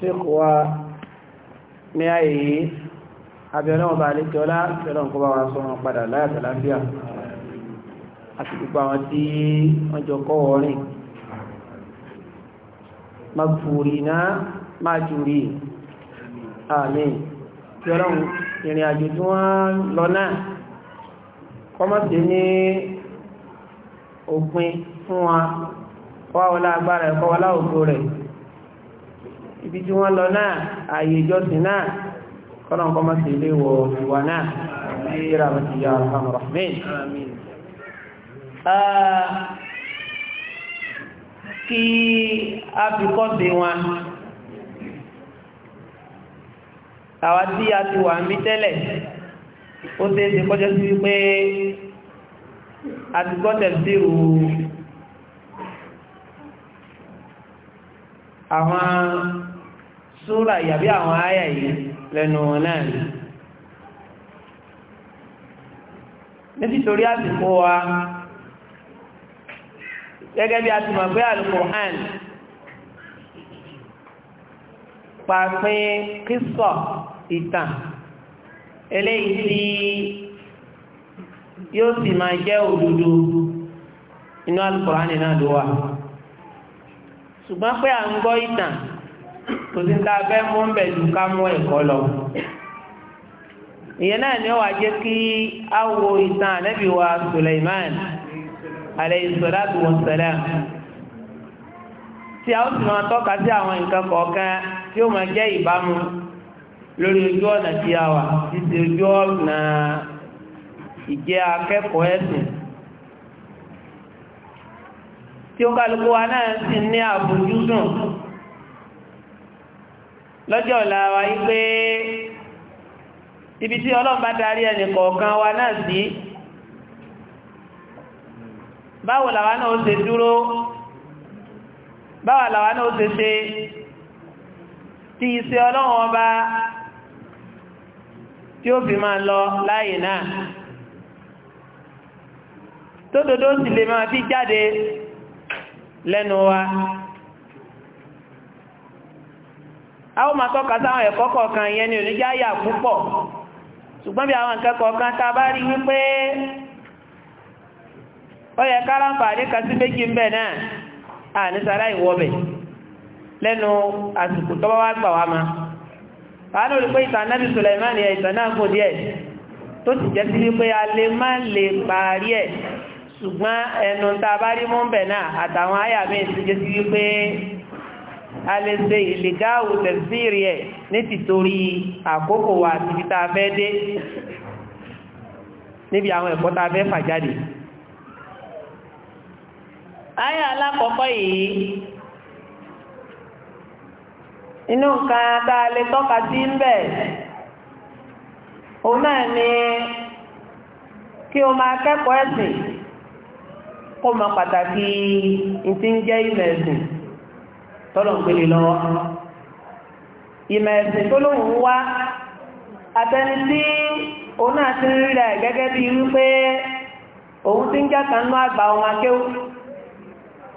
ṣéèkù wa ní ààyè yìí abẹ́rẹ́ wọn bá lè kí ọlá pẹ̀lú nǹkan bá wa sọ wọn padà láyàtọ̀ láfíà àti gbogbo àwọn tí wọ́n jọ kọ́ wọ́rin magbùrìnà májúrí àmín tí ọlọ́run ìrìn àjò tí wọ́n lọ náà kọmọ́sí ní òpin fún wa wáwọlá agbára ẹ̀kọ́ wọlá ògbó rẹ̀ ibi tí wọ́n lọ náà ààyè ìjọsìn náà kọ́nà kọ́ máa sì lè wọ ìwà náà sí ìràmọ̀tì ya arham rahmin kí a fi kọ́ sí wọn àwa tí a ti wà ń bí tẹ́lẹ̀ ó tẹ́ ṣe kọjọ́ sí wípé a ti gbọ́tẹ̀ sí àwọn súra yàbí àwọn àyà yìí lẹ́nu wọn náà ni nítorí àsìkò wa gẹ́gẹ́ bí a ti mọ̀ pé alukur'an pàpín kísọ̀ ìtàn eléyìí tí yóò sì máa jẹ́ òdodo inú alukur'an náà ló wà ṣùgbọ́n pé à ń gbọ́ ìtàn kò sí ta fẹ́ mú bẹ̀ ju ká mú ẹ̀kọ́ lọ. ìyẹn náà ni ó wàá jẹ́ kí á wo ìtàn ànábì wa Suleiman alayhi salatu wa salam tí a ó sì máa tọ́ka sí àwọn nǹkan kọ̀ọ̀kan tí ó máa jẹ́ ìbámu lórí ojú ọ̀nà tí a wà títí ojú ọ̀nà ìjẹ́ akẹ́kọ̀ọ́ ẹ̀sìn tí ó kálukú wa náà sì ní àfojúsùn lọ́jọ́ ọ̀la wa yí pé ibi tí Ọlọ́run bá darí ẹnì kọ̀ọ̀kan wa náà sí báwo làwa náà ó ṣe dúró báwo làwa náà ó ṣe ṣe tí iṣẹ́ Ọlọ́run ọba tí ó fi máa lọ láàyè náà tó dodo sì lè máa fi jáde lẹ́nu wa a ó máa tọ́ka sáwọn ẹ̀kọ́ kọ̀ọ̀kan yẹn ni oníjà yà púpọ̀ ṣùgbọ́n bí àwọn nǹkan kọ̀ọ̀kan tá a bá rí wípé ó yẹ káràǹfà ní kasí méjì ń bẹ̀ náà àníṣàlá ìwọ́bẹ̀ lẹ́nu àsìkò tọ́wọ́ wá gbà wá ma àánú rí pé ìtàn náà bí Sùlẹ̀mánì ẹ̀ ìtàn náà kò díẹ̀ tó sì jẹ́ sí wípé a lè má lè parí ẹ̀ ṣùgbọ́n ẹnu tá a bá rí mú ń bẹ̀ náà àtàwọn àyà mi sì jẹ́ sí wípé a lè ṣe ìlègáwò tẹ̀síìrì ẹ̀ ní tìtorí àkókò wa àti ibi tá a fẹ́ dé níbi àwọn ẹ̀kọ́ tá a fẹ́ fà jáde àyà alákọ̀ọ́kọ́ yìí inú nǹkan tá a lè tọ́ka sí ń bẹ̀ òun náà ni kí o máa kẹ́kọ̀ọ́ ẹ̀sìn kó mọ pàtàkì ìtí ń tọ́lọ̀ ń gbélé lọ́wọ́ ìmọ̀ ẹ̀sìn tó lóhùn wá àtẹni tí òun náà ti ń rírà gẹ́gẹ́ bí wípé òun ti ń jáka nú àgbà ọmọ akéwú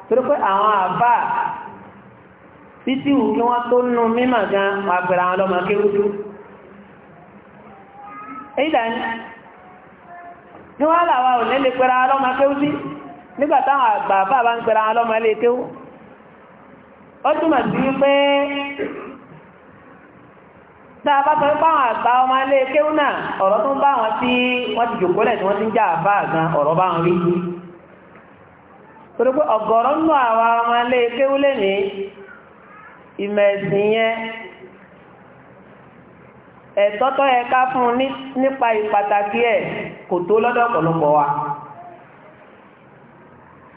torí pé àwọn àbá títí wù kí wọ́n tó nú mímọ̀ gan wà pẹ̀lú àwọn ọmọ akéwú tó èyí dání ní wọ́n làwọn ò lè lè pẹ̀lú àwọn ọmọ akéwú sí nígbà táwọn àgbà bá bá ń pẹ̀lú àwọn ọmọ ó túnmọ̀ sí wípé tá a bá àwọn àgbà ọmọ ilé kéwù náà ọ̀rọ̀ tó ń bá wọn tí wọ́n ti jòkó lẹ̀ tí wọ́n ti ń bá wọn rí torí pé ọ̀gọ̀rọ̀ ọmọ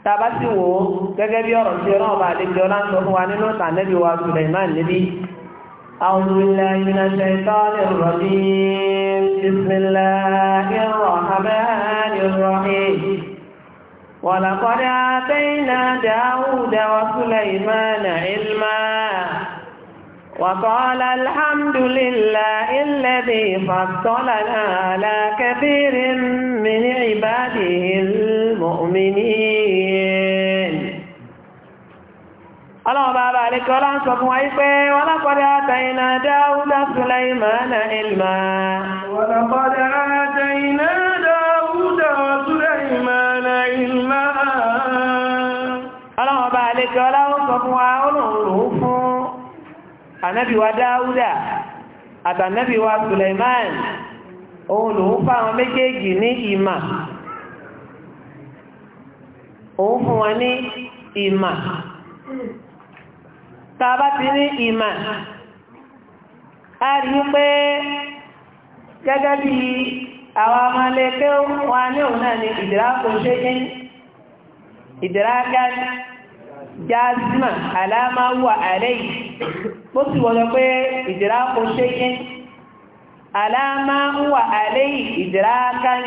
tàbá sì wò ó gẹ́gẹ́ bí ọ̀rọ̀ tí ọlọ́run bá lè jọ láńsọ fún wa nínú tànẹ́bí wa Suleiman níbí أعوذ بالله من الشيطان الرجيم بسم الله الرحمن الرحيم ولقد آتينا داود وسليمان علما وقال الحمد لله الذي فضلنا على كثير من عباده المؤمنين اللهم بارك عليك ولا صف وعيفه ولقد آتينا داود سليمان علما ولقد آتينا داود وسليمان علما اللهم بارك ولا صف ànábì wa dáúdà àtànábì wa Suleiman òun lòun fáwọn méjèèjì ní ìmà òun fún wọn ní ìmà tàbá ti ní ìmà a rí pé gẹ́gẹ́ bí àwọn ọmọ ilé pé wọ́n ní òun náà ni ìdírákùn ṣe ní ìdírákùn jazma alama wà àlẹ́yìn bó sì wọ́n lọ pé ìdìrá ṣe yẹ alama kan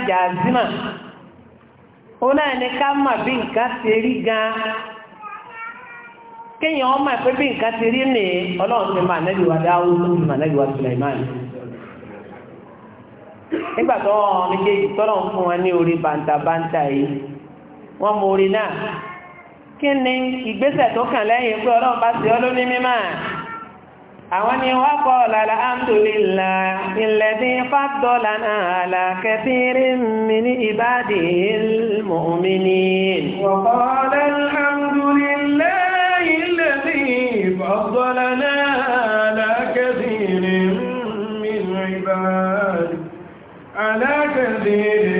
ó náà ní ká mọ̀ bí nǹkan ti rí gan kéèyàn ọmọ ẹ̀ bí nǹkan ti rí ní ọlọ́run ti máa nẹ́bí wa dáwó ti kí ni ìgbésẹ̀ tó kàn lẹ́yìn pé ọlọ́run bá ṣe ọ́ ló ní mímọ́ àwọn ni wọ́n kọ́ lálá ámdùlélà ilẹ̀ tí fàtọ́lá náà làkẹ́tìrí tí fàtọ́lá mi ní ìbádì alákẹ́tìrí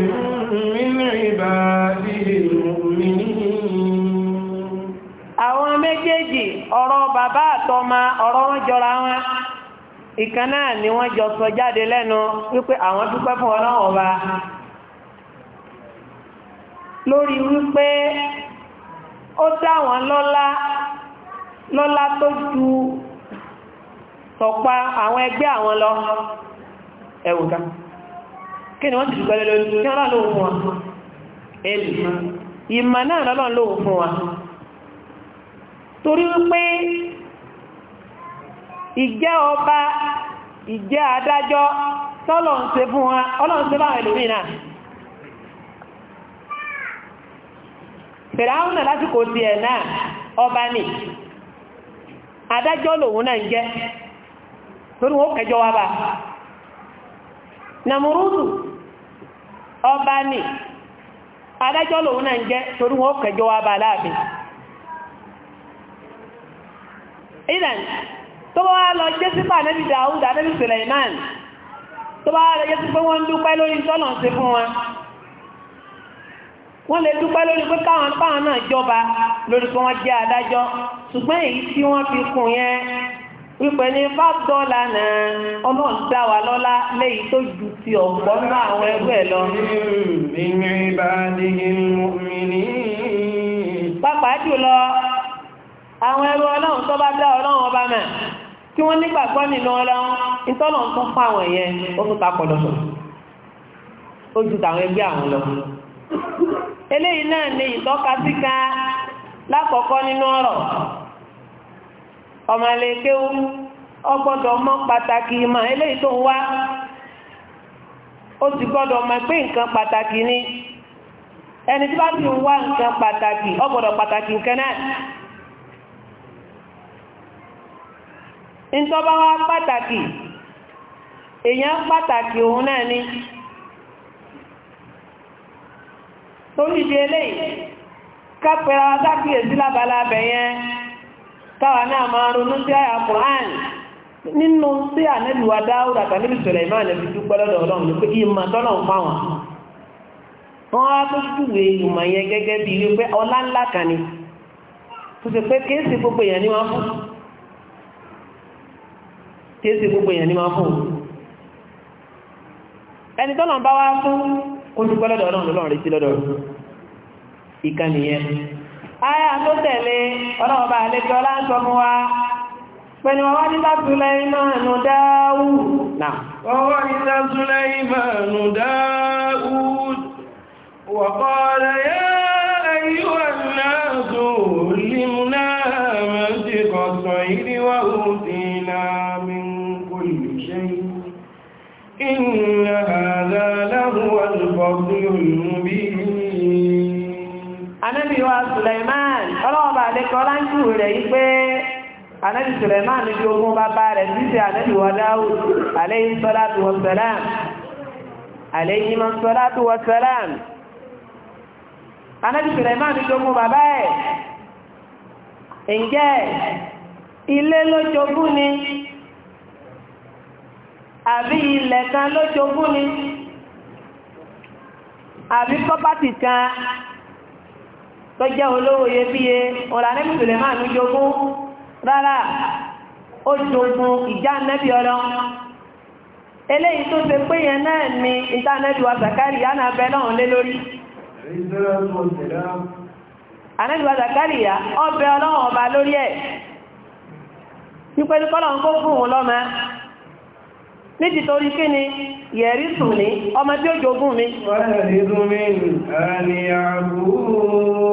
ọ̀rọ̀ bàbá àtọmọ ọ̀rọ̀ wọn jọra wọn ìkan náà ni wọ́n jọ sọ jáde lẹ́nu wípé àwọn dúpẹ́ fún ọlọ́run ọba lórí wípé ó dá wọn lọ́lá lọ́lá tó ju tọ̀pa àwọn ẹgbẹ́ àwọn lọ ẹ̀wùká kí ni wọ́n ti dúpẹ́ lórí kí wọ́n lọ́lọ́run fún wa ìmọ̀ náà lọ́lọ́run lóhun fún wa torí wípé ìjẹ́ ọba ìjẹ́ adájọ́ tọ́lọ̀ ń ṣe fún wa ọlọ́run ṣe báwọn ẹlòmíì náà fìràhùn na lásìkò náà ọba ni adájọ́ lòun náà jẹ́ torí wọn kẹjọ wa bá ọba ni adájọ́ lòun náà jẹ́ torí wọn kẹjọ wa bá ìdàn tó bá wá lọ jẹ́ sípà nẹ́bí dáúdà nẹ́bí Suleiman tó bá wá lọ jẹ́ sí pé wọ́n dúpẹ́ lórí tọ́nà sí fún wọn wọ́n lè dúpẹ́ lórí pé káwọn páwọn náà jọba lórí pé wọ́n jẹ́ adájọ́ ṣùgbọ́n èyí tí wọ́n fi kún yẹn wípé ní fábọ́ọ̀lá náà ọlọ́run dá wa lọ́lá léyìí tó ju ti ọ̀pọ̀ náà àwọn ẹgbẹ́ lọ. nínú ìbáraẹni mú mi ní. pápá jùlọ àwọn ẹrú ọlọ́run tó bá dá ọlọ́run ọba mẹ́ kí wọ́n nígbàgbọ́ nínú ọlọ́run ìtọ́nà tó fún àwọn ẹ̀yẹn ó tún ta pọ̀lọ̀pọ̀ ó ju tàwọn ẹgbẹ́ àwọn lọ eléyìí náà ni ìtọ́ka lákọ̀ọ́kọ́ nínú ọ̀rọ̀ ọmọlẹ́kẹ́wú ọgbọ́dọ̀ pàtàkì eléyìí tó ń wá ó ti gbọ́dọ̀ pé nǹkan pàtàkì ni ẹni tí bá ti ń wá nǹkan ntọ́ba wa pàtàkì èèyàn pàtàkì òun náà ni torí di eléyìí kápẹ́ra wa sákìyèsí lábala abẹ yẹn táwa náà máa ronú sí àyà Qur'an nínú sí ànẹ́lùwà Dáúdà àtàlẹ́bí Sùlẹ̀mánì fi dúpẹ́ lọ́dọ̀ ọlọ́run ló pé ìmọ̀ tọ́lọ́run fáwọn wọ́n á tó júwe ìmọ̀ yẹn gẹ́gẹ́ bí wípé ọlá ńlá kan pé kéèsì gbogbo èèyàn ní máa fún ẹni tọ́lọ̀ bá wá fún kó lọ́dọ̀ ọlọ́run lọ́rùn rí sí lọ́dọ̀ ìkan nìyẹn tó tẹ̀lé ọlọ́run àlejò láńsọ wa pẹ̀lú ọwọ́ ànábì Sùlẹ̀mán níbi ogún bàbá rẹ̀ títí ànábì wa Dáúd alayhi salatu wa salam alayhi salatu wa salam ànábì Sùlẹ̀mán níbi ogún bàbá ẹ̀ ǹjẹ́ ilé ló jogún ni àbí ilẹ̀ kan ló jogún ni àbí pọ́pátì kan tó jẹ́ olówó iyebíye ọ̀lànẹ́bì Sùlẹ̀mán jogún rárá ó jogun ìjà nẹ́bí ọ̀rọ̀ eléyìí tó ṣe pé yẹn náà ni ìtànẹ́bí wa zakari yá náà bẹ náà lé lórí ànẹ́bí wa ọ bẹ ọlọ́run ọba lórí ẹ̀ ń kó fún lọ́mọ torí kí ni yẹ̀rí ní ọmọ tí ó jogun mi. wọ́n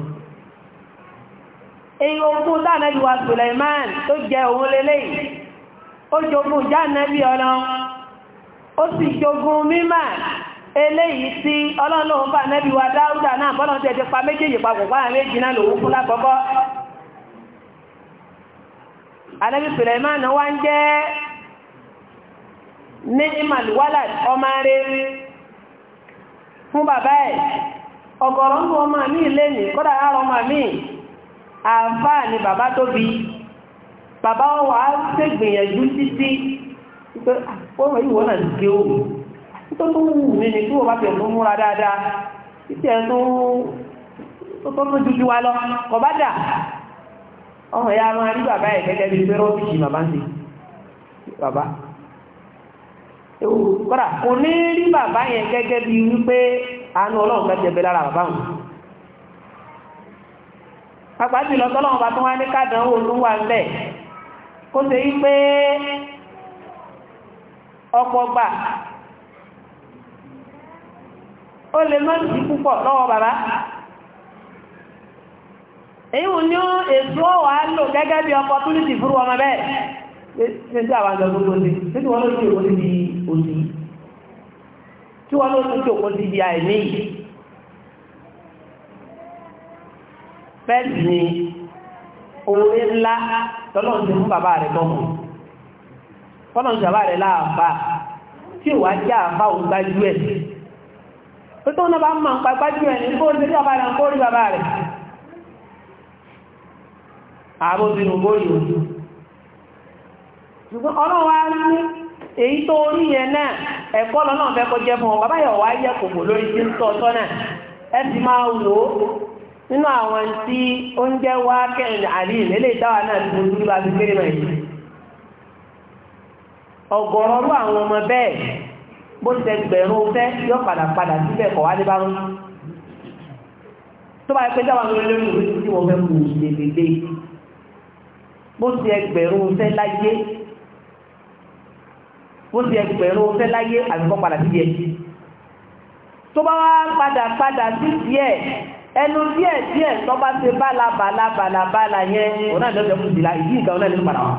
èyí ogún tánàbí wa Suleiman tó jẹ òun o ó jogún jánàbí ọ̀nà ó sì jogún mímà eléyìí tí ọlọ́lọ́wọ́ bá nẹ́bí wa Dáúdà náà bọ́lọ́ tẹ́ ti pa méjèèjì papọ̀ pa méjì náà lòun fún lákọ́kọ́ anẹ́bí Suleiman wá ń jẹ́ ní ọmọ rẹ̀ fún bàbá ẹ̀ ń ọmọ mi lẹ́yìn ọmọ mi àǹfà ni bàbá tó bí bàbá wà á ṣe gbìyànjú títí pé àwọn ah, ìwọ̀n náà gé o tó tó wù mí ní tí wọ́n bá bẹ̀rẹ̀ tó múra dáadáa títí ẹ̀ tó tó tó jújú wa lọ kọ̀ bá dà ọmọ ya máa rí bàbá ẹ̀ gẹ́gẹ́ bí pé rọ́bìṣì bàbá ń ṣe bàbá kọ́ra kò ní rí bàbá yẹn gẹ́gẹ́ bí wípé àánú ọlọ́run kẹ́jẹ̀ bẹ́ lára bàbá wọn pàápàá jùlọ tọ́lọ́wọ́n bá tún wá ní kádánwò ló wà ń bẹ̀ kó ṣe yí pé ọ̀pọ̀ gbà ó lè mọ́ sí púpọ̀ lọ́wọ́ bàbá èyí wù ní èso wà á lò gẹ́gẹ́ bí ọkọ̀ tó ní ti fúrú ọmọ bẹ́ẹ̀ nígbà àwọn àjọ gbogbo ní títí wọ́n ló ti òkú ti di òsì tí wọ́n ló ti òkú ti di àìní fẹ́ẹ̀sì ni oore ńlá tọ́lọ́ ti fún bàbá rẹ̀ tọ́mù tọ́lọ́ ti bàbá rẹ̀ láàbá tí ò wá jẹ́ àbá òun gbájú ẹ̀ tó náà bá máa ń pa gbájú ẹ̀ ní rí bàbá rẹ̀ nínú àwọn tí ó ń jẹ́ wá kẹrin àlè ìlélẹ̀ ìdáwà náà ti mú nígbà tó kéré náà yìí ọgọrọrú àwọn ọmọ bẹ́ẹ̀ bó ti ẹgbẹ̀rún fẹ́ yọ padà padà síbẹ̀ kọ̀ wá débá rún tó bá yẹ pé lórí lórí tí wọ́n fẹ́ ẹnu díẹ̀ díẹ̀ tó bá ṣe bala bala bala bala yẹn òun náà lọ́sẹ̀ fún ìdílá ìdí ìgbà òun náà nínú padà wọn.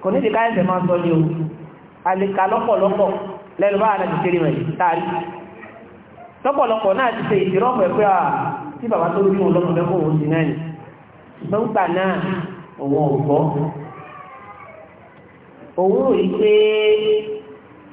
kò ní ìdíkà ẹsẹ̀ máa sọ ní o àlèkà lọ́pọ̀lọpọ̀ lẹ́nu bá àná ti ṣe rìn rẹ̀ táàrí lọ́pọ̀lọpọ̀ náà ti ṣe ìdírọ́pọ̀ ẹ̀pẹ́ à tí bàbá tó rí òun lọ́pọ̀ lẹ́kọ̀ọ́ òun sí náà ni ṣùgbọ́n gbà náà òun ò gbọ́ òun rò yí pé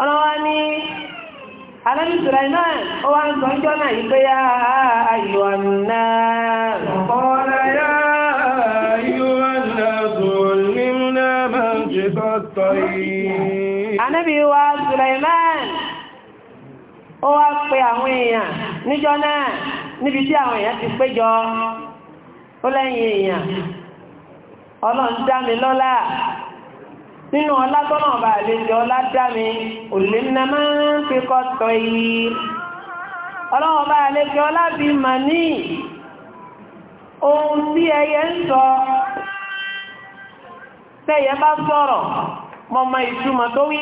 ọlọ́wọ́ ní alẹ́bí Sulaiman ó wá ń sọ ń jọ́nà yìí pé yá ayọ̀n náà wa ó wá pe àwọn èèyàn níjọ́ náà níbi tí àwọn èèyàn ti péjọ ó lẹ́yìn èèyàn ọlọ́run lọ́lá nínú ọlá tọ́nà ọba àlejò ọlá dá mi òlé nà máa ń fi kọ́ tọ́ yìí ọlọ́wọ́ ọba àlejò ọlá bí mà ohun tí ẹyẹ ń sọ tẹ́yẹ bá sọ̀rọ̀ mọ́ ìtumọ̀ tó wí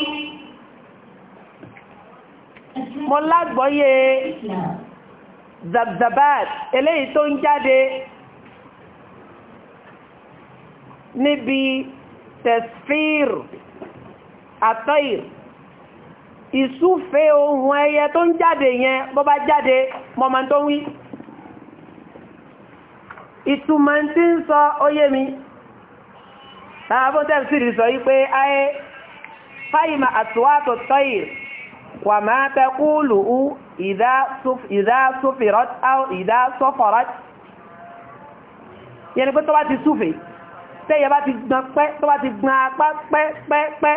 mọ́ lágbọ́yé zabzabat eléyìí tó ń jáde níbi tẹ̀sfíìr àtọ́ìr ìsúfẹ́ ohun ẹyẹ tó ń jáde yẹn bọ́ bá jáde mọ́mọ́ tó ń wí ìtumọ̀ tí ń sọ oyé mi láàbọ̀ tẹ̀sfíìr sọ wípé ayé fáyìmà àtúwàtò tọ́ìr wà máa tẹ́kúlù ìdá sófìrọ́t tẹ́yẹ bá ti gbọ́n pẹ́ tó bá ti gbọ́n apá pẹ́pẹ́pẹ́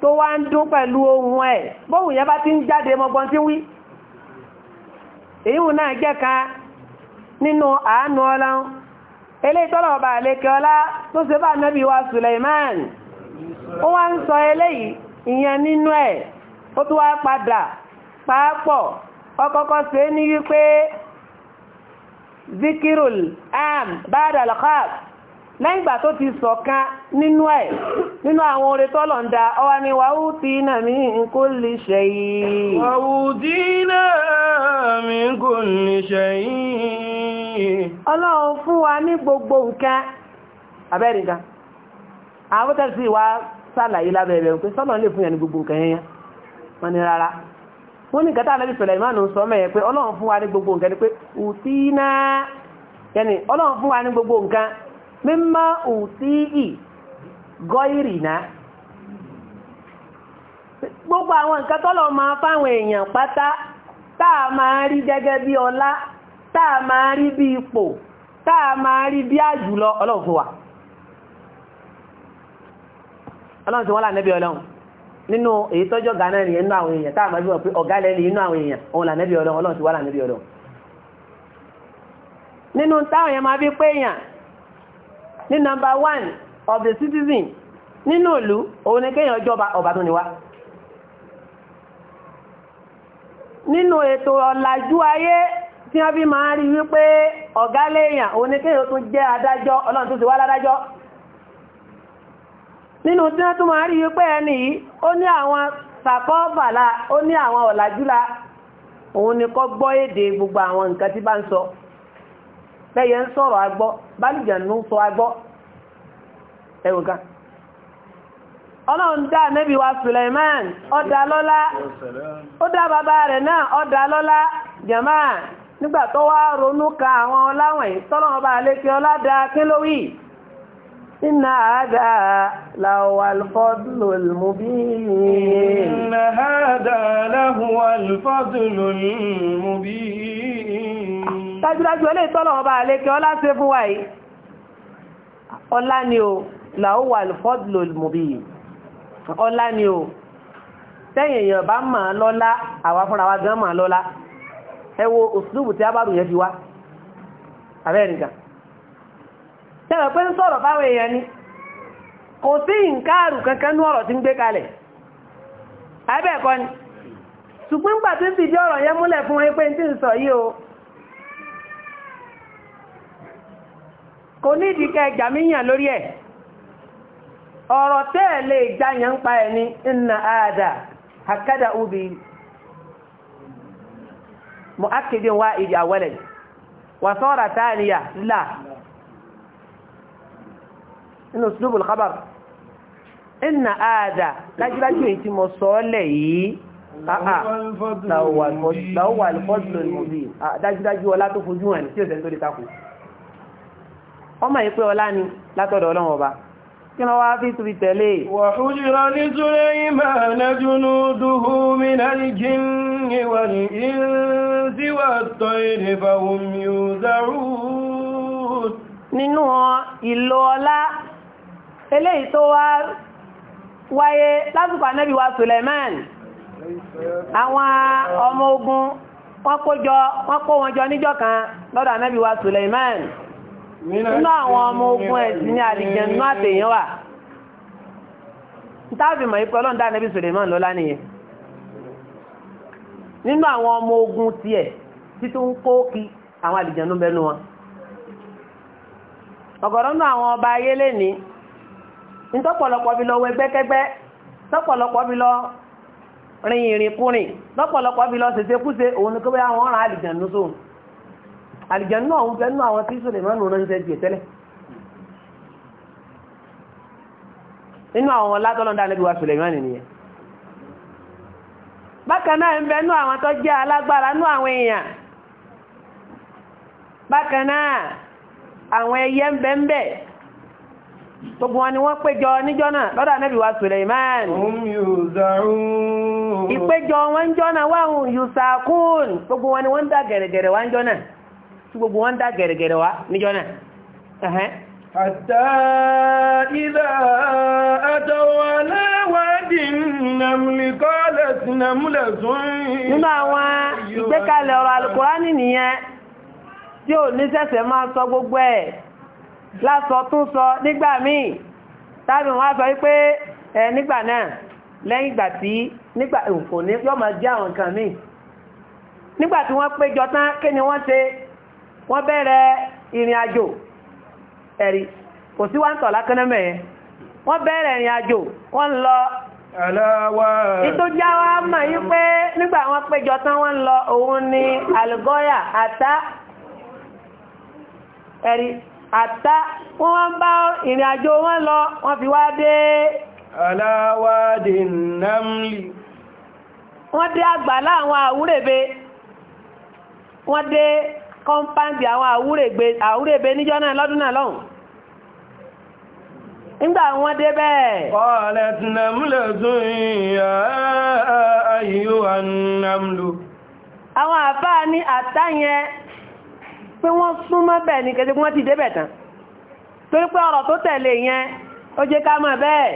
tó wá ń dún pẹ̀lú ohun ẹ̀ bóhùn yẹn bá ti ń jáde mọ́gbọ́n tí wí èyíhùn náà jẹ́ kan nínú àánú ọlọ́run eléyìí tọ́lọ̀ ọba àlékẹ́ ọlá tó ṣe bá nẹ́bí wa Suleiman ó wá ń sọ eléyìí ìyẹn nínú ẹ̀ ó tún wá padà pàápọ̀ ọkọ̀ọ̀kọ̀ sí ní wípé zikirul am bada lakab lẹ́yìn ìgbà tó ti sọ̀kan nínú ẹ̀ nínú àwọn oore tọ́lọ̀ ń da ọwá ni wàhú tí náà mi ń kó lè ṣe yìí wàhú tí náà mi ń kó lè ṣe yìí ọlọ́run fún wa ní gbogbo nǹkan abẹ́rìnká àwọn tẹ́lẹ̀ wa sàlàyé lábẹ́ẹ̀bẹ̀ pé sọ́lọ́ lè fún yà gbogbo nǹkan yẹn wọ́n ní rárá wọ́n ní gata alẹ́bí Sùlẹ̀mánù sọ mẹ́yẹ pé ọlọ́run fún wa ní gbogbo nǹkan ni pé yẹni ọlọ́run fún wa ní gbogbo nǹkan mímọ́ ùtí ì gọ́ìrìnà gbogbo àwọn nǹkan tọ́lọ̀ máa fáwọn èèyàn pátá táà máa rí gẹ́gẹ́ bí ọlá táà máa rí bí ipò táà máa rí bí àjùlọ ọlọ́run fún wa ọlọ́run tí wọ́n là nẹ́bí ọlọ́run nínú èyí tọ́jọ́ gánà ní inú àwọn èèyàn táàmà bí wọ́n pé ọ̀gá lẹ́ni inú àwọn èèyàn òun là nẹ́bí ọlọ́run ọlọ́run ti wá là nẹ́bí ọlọ́run nínú táwọn èèyàn máa fi pé èèyàn ní nọmba one of the citizen nínú ìlú òun ni kéèyàn jọba ọba tó ní wá nínú ètò ọ̀làjú ayé tí wọ́n fi máa rí wípé ọ̀gá lẹ́yìn òun ni kéèyàn tún jẹ́ adájọ́ ọlọ́run tó ti wá ládájọ́ nínú tí wọ́n tún máa rí wípé ẹni yìí ó ní àwọn sàkọ́ọ̀bàlá ó ní àwọn ọ̀làjúlá òun ni kọ́ gbọ́ èdè gbogbo àwọn nǹkan tí bá ń sọ bẹ́yẹ ń sọ̀rọ̀ agbọ́ bálùjẹ̀nù sọ agbọ́ ẹwùká ọlọ́run dá nẹ́bí wa Suleiman ó dá bàbá rẹ̀ náà ọdá lọ́lá nígbà tó àwọn ọlá dá إن هذا لهو الفضل المبين إن هذا لهو الفضل المبين dájúdájú ẹlé ìtọ́lọ̀wọ́ bá lékẹ́ ọlá ṣe fún wa yìí ọlá ni o làówà fọ́dùlò mòbí ọlá ni o tẹ́yìn èèyàn bá máa lọ́lá àwa fúnra wa gan máa lọ́lá ẹ wo òsùlùbù tí a bá rù yẹn fi wá abẹ́rìnkan tẹ́lẹ̀ pé ń sọ̀rọ̀ báwọn èèyàn ni kò sí ìǹkáàrù kankan ní ọ̀rọ̀ tí ń gbé kalẹ̀ abẹ́ẹ̀kọ́ ni ṣùgbọ́n gbà tí ń fìdí ọ̀rọ̀ yẹn múlẹ̀ fún wọn pé tí ń sọ o kò ní ìdíkẹ́ ìjàmíyàn lórí ẹ̀ ọ̀rọ̀ tẹ́ẹ̀lẹ̀ ìjáyàn ń pa ubi nínú sùdúbù kábàr ìnà àdà dájúdájú èyí tí mo sọ ọ́ lẹ̀ yìí láwọ́ àlùfọ́dùlù nìbí dájúdájú ọlá tó fojú hàn tí òsèǹtó lè takò ọmọ yìí pé ọlá ni látọ̀dọ̀ ọlọ́run ọba kí wọ́n wá fi tùbí tẹ̀lé wàhújìrọ ní túnlẹ̀ eléyìí tó wá wáyé lásìkò ànábì wa Suleiman àwọn ọmọ ogun wọ́n kó jọ wọ́n kó wọn jọ níjọ́ kan lọ́dọ̀ ànábì wa Suleiman nínú àwọn ọmọ ogun ẹ̀sì ní àlìjẹ nínú àtèyàn wà táàbì mọ̀ ipẹ́ ọlọ́ndà ànábì Suleiman lọ́lá nìyẹn nínú àwọn ọmọ ogun tiẹ̀ títí ń kó kí àwọn àlìjẹ nínú bẹnu wọn ọ̀gọ̀rọ̀ nínú àwọn ọba ayé lénìí ntọ́pọ̀lọpọ̀ bí lọ wọ ẹgbẹ́kẹ́gbẹ́ tọ́pọ̀lọpọ̀ bí lọ rin ìrìn kúrin lọ́pọ̀lọpọ̀ bí lọ ṣèṣekúṣe òun ni kí wọ́n ra àlìjànú sóhun àlìjànú ọ̀hún fẹ́ nú àwọn tí Sùlẹ̀mánù ránṣẹ́ jù tẹ́lẹ̀ nínú àwọn látọ́lọ́dá Ànábì wa Sùlẹ̀mánù nìyẹn bákan náà ń bẹ nú tó jẹ́ alágbára nú àwọn èèyàn bákan àwọn ẹyẹ ń bẹ ń bẹ gbogbo wọn ni wọ́n péjọ níjọ́ náà lọ́dọ̀ anábì wa Suleiman. ìpéjọ wọn jọ náà wà hùn yusakun gbogbo wọn ni wọn dá gẹ̀rẹ̀gẹ̀rẹ̀ wa níjọ́ náà tí gbogbo wọn dá gẹ̀rẹ̀gẹ̀rẹ̀ wa níjọ́ náà. حتى إذا أتوا على واد النمل nínú àwọn ìgbékalẹ̀ ọ̀rọ̀ sọ gbogbo ẹ̀ lásọ tún sọ nígbà míì tàbí wọ́n sọ wípé ẹ nígbà náà lẹ́yìn ìgbà tí nígbà òkò ní yọ́ máa jẹ́ àwọn nǹkan míì nígbà tí wọ́n péjọ tán kí ni wọ́n ṣe wọ́n bẹ̀rẹ̀ ìrìn àjò ẹ̀rí kò sí wá ń tọ̀lá kánẹ́mẹ̀ yẹn wọ́n bẹ̀rẹ̀ ìrìn àjò wọ́n lọ ìtòjá wa mọ̀ yí pé nígbà wọn péjọ tán wọ́n lọ òun ni àlùgọ́yà àtá ẹ̀rí àtà wọ́n wá ń bá ìrìn àjò wọn lọ wọ́n fi wá dé aláwádìí námlì wọ́n dé àgbà láwọn àwúrèbe wọ́n dé kọ́mpáǹdì àwọn àwúrèbe níjọ́ náà lọ́dún náà lọ́hùn nígbà wọ́n dé bẹ́ẹ̀ ọ̀rẹ́ tí nàmúlẹ̀ pé wọ́n ma bẹ́ẹ̀ ni kẹsí wọ́n ti débẹ̀ tán torí pé ọ̀rọ̀ tó tẹ̀lé yẹn ó jẹ́ ká mọ̀ bẹ́ẹ̀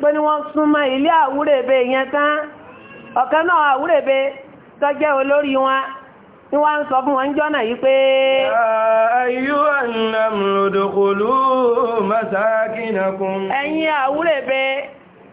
pé ni wọ́n ma ilé awurebe yẹn tán ọ̀kan náà àwúrèbe olórí wọn ni wọ́n ń sọ fún wọn jọ́nà yìí pé ayú ànàmùlòdòkòlù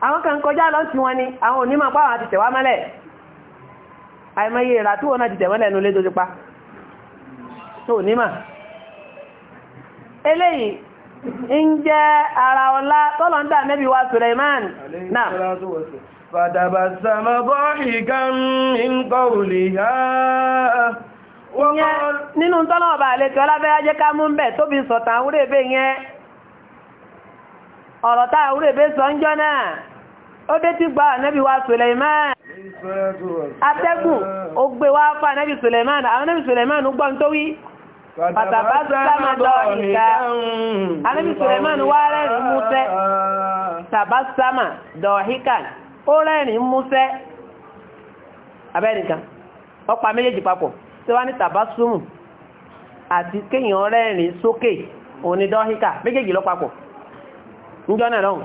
àwọn kan kọjá lọ sí wọn ni àwọn onímọ̀ pàwọn àti tẹ̀wà mẹ́lẹ̀ àìmọye ìrà tí wọ́n náà onima tẹ̀wẹ́lẹ̀ ní tó onímọ̀ eléyìí ń jẹ́ ara ọlá tọ́lọ̀ ń dà nẹ́bí wa Suleiman náà فَتَبَسَّمَ ضَاحِكًا ń bẹ̀ tóbi sọ̀tàn àwúrẹ́bẹ̀ sọ ń jọ náà ó dé tí gba ànábì wa Suleiman atẹ́gùn ó gbé wá fún ànábì Suleiman àwọn ànábì Suleiman gbọ́n tó wí pàtàkì sámàdọ̀ ìka ànábì Suleiman wá rẹ́rìn músẹ́ ó rẹ́rìn músẹ́ abẹ́nìkan ọpa méjèèjì papọ̀ tí wá ní àti kéèyàn rẹ́rìn sókè òní méjèèjì lọ́hùn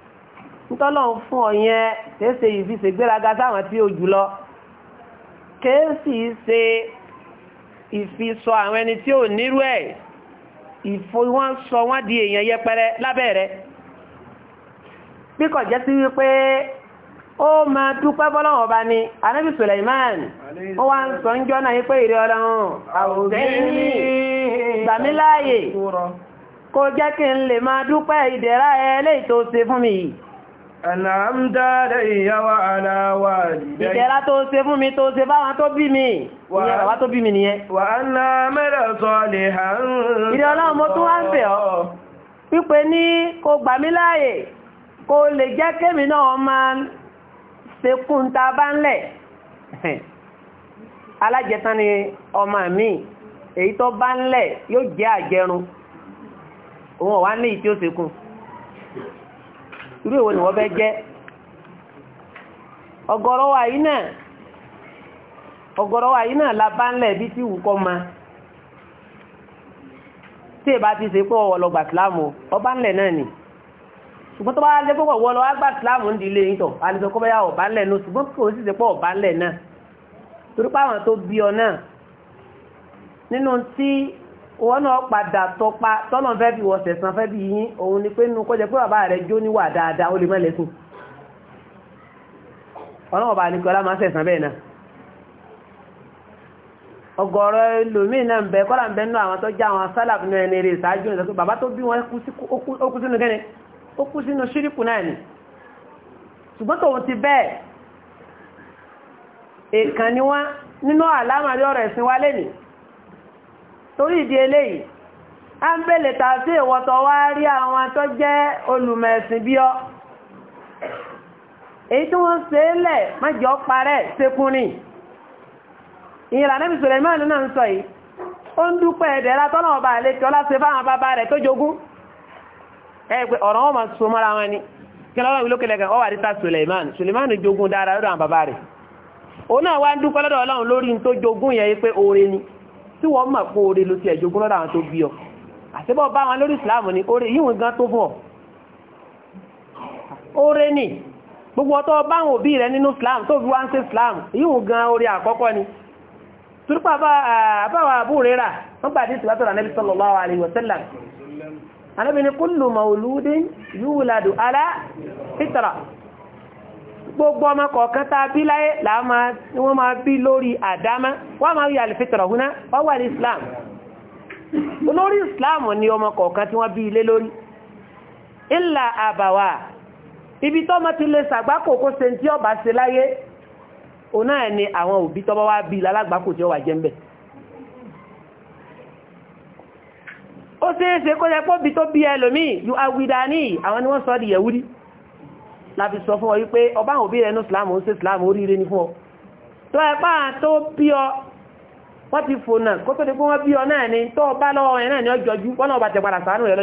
ntọ́lọ́run fún ọ yẹn kìí ṣe yìí fi ṣe gbéraga sáwọn tí ó jù lọ kìí sì ṣe ìfisọ àwọn ẹni tí ò nírú ẹ̀ ìfowọ́n sọ wọ́n di èèyàn yẹpẹrẹ lábẹ́ rẹ̀ bí kò jẹ́ sí wípé ó máa dúpẹ́ bọ́lọ́wọ́ bá ní anábì Suleiman ó wá ń sọ ń jọ́ náà wípé ìrẹ́ ọlọ́run àwòrẹ́ni gbàmíláyè kò jẹ́ kí n lè máa dúpẹ́ ìdẹ̀ra ẹ léyìí tó ṣe fún mi yìí Ànàmdá lẹ́yìnyàwó aláwà lẹ́yìn. Ìtẹ́lá tó ṣe fún mi tó ṣe báwọn tó bí mi. Ìyẹn bàbá tó bí mi nìyẹn. Wà á ná mẹ́rẹ̀ sọ lè hàn. Ìrẹ̀ ọlọ́run mo tún wá ń bẹ̀ ọ́. Pípe ní kò gbà mí láàyè, kò lè jẹ́ kémi náà máa sekún ta bá ń lẹ̀. Alájẹtán ni ọmọ mi, èyí tó bá ń lẹ̀ yóò jẹ́ àjẹrun. Òun ò wá ní ìtí ó sekún irú èwo ni wọ́n fẹ́ jẹ́ ọ̀gọ̀rọ̀ wa yìí náà ọ̀gọ̀rọ̀ wa yìí náà labá ńlẹ̀ bí tí wù kọ́ ma tí èbá ti ṣe pé ọwọ́ lọ́gbà sílámù ọba ńlẹ̀ náà nì ṣùgbọ́n tó bá lé pọ̀ wọ́n lọ àgbà sílámù ń di ilé yìí tọ̀ alẹ́ kọ́ bẹ́yà ọba ńlẹ̀ náà ṣùgbọ́n wọn náà padà tọpa tọ́nà fẹ́ bí wọ́n sẹ̀sán fẹ́ bí yín òun ni pé nínú kọjá pé bàbá rẹ̀ jó níwà dáadáa ó lè má lẹ́sùn ọlọ́wọ́ bá nìkan lámà sẹ̀sán bẹ́ẹ̀ náà ọ̀gọ̀rọ̀ ẹlòmíín náà ń bẹ kọ́lá ń bẹ nínú àwọn tó já àwọn sálàbù náà ní eré ìsáájú ìsọ pé wọn ó kú sínú kẹ́ni ó ni ṣùgbọ́n tòun ti bẹ́ẹ̀ èèkàn wa lénìí torí ìdí eléyìí a ń bèèrè tàbí ìwọ̀tọ̀ wá rí àwọn tó jẹ́ olùmẹ̀sìn bí ọ́ èyí tí wọ́n se lẹ̀ mọ́jọ́ parẹ́ sekúnrin ìyìnlá nẹ́bí Sùlẹ̀mánù náà ń sọ yìí ó ń dúpẹ́ ẹ̀dẹ̀ látọ́nà ọba fáwọn bàbá rẹ̀ tó jogún ẹgbẹ́ ọ̀rọ̀ wọn máa so mọ́ra wọn ni kí lọ́wọ́ ìlú ọwà jogún lọ́dọ̀ àwọn bàbá rẹ̀ òun náà wá ń dúpẹ́ lọ́dọ̀ Ọlọ́run lórí tó jogún yẹn pé oore ni tí wọ́n mọ̀ pé oore ló ti ẹ̀jogún lọ́dọ̀ àwọn tó bí ọ àṣẹ́bọ̀ bá wọn lórí ìsìláàmù ní oore yíwọ̀n gan tó fún ọ oore ni gbogbo ọtọ́ báwọn òbí rẹ nínú islam tó fi wá ń ṣe islam yíwọ̀n gan oore àkọ́kọ́ ni turupa àbáwà gbogbo ọmọ kọ̀ọ̀kan tá a bí láyé làámà ni wọ́n máa bí lórí àdámá wọ́n máa rí àlìfẹ́tọ̀rọ̀ húná wọ́n wà ní islam olórí islam ni ọmọ kọ̀ọ̀kan tí wọ́n bí ilé lórí ńlá àbàwà ibi tọ́mọ ti lè sàgbákò kó se tí ọba ṣe láyé òun náà ni àwọn òbí tọ́mọ wá bí lálágbákò tí ó wà jẹ́ ńbẹ̀ ó ṣeéṣe láti sọ fún ọ wípé ọba àwọn òbí rẹ̀ ní islam ó ṣe islam oríire ní fún ọ tó ẹ̀pá tó bí ọ wọ́n ti fò náà kó tó di pé wọ́n bí ọ náà ni tó bá lọ́wọ́ ẹ̀ náà ni ọjọ́ ju wọ́n náà bá tẹ̀padà àwọn náà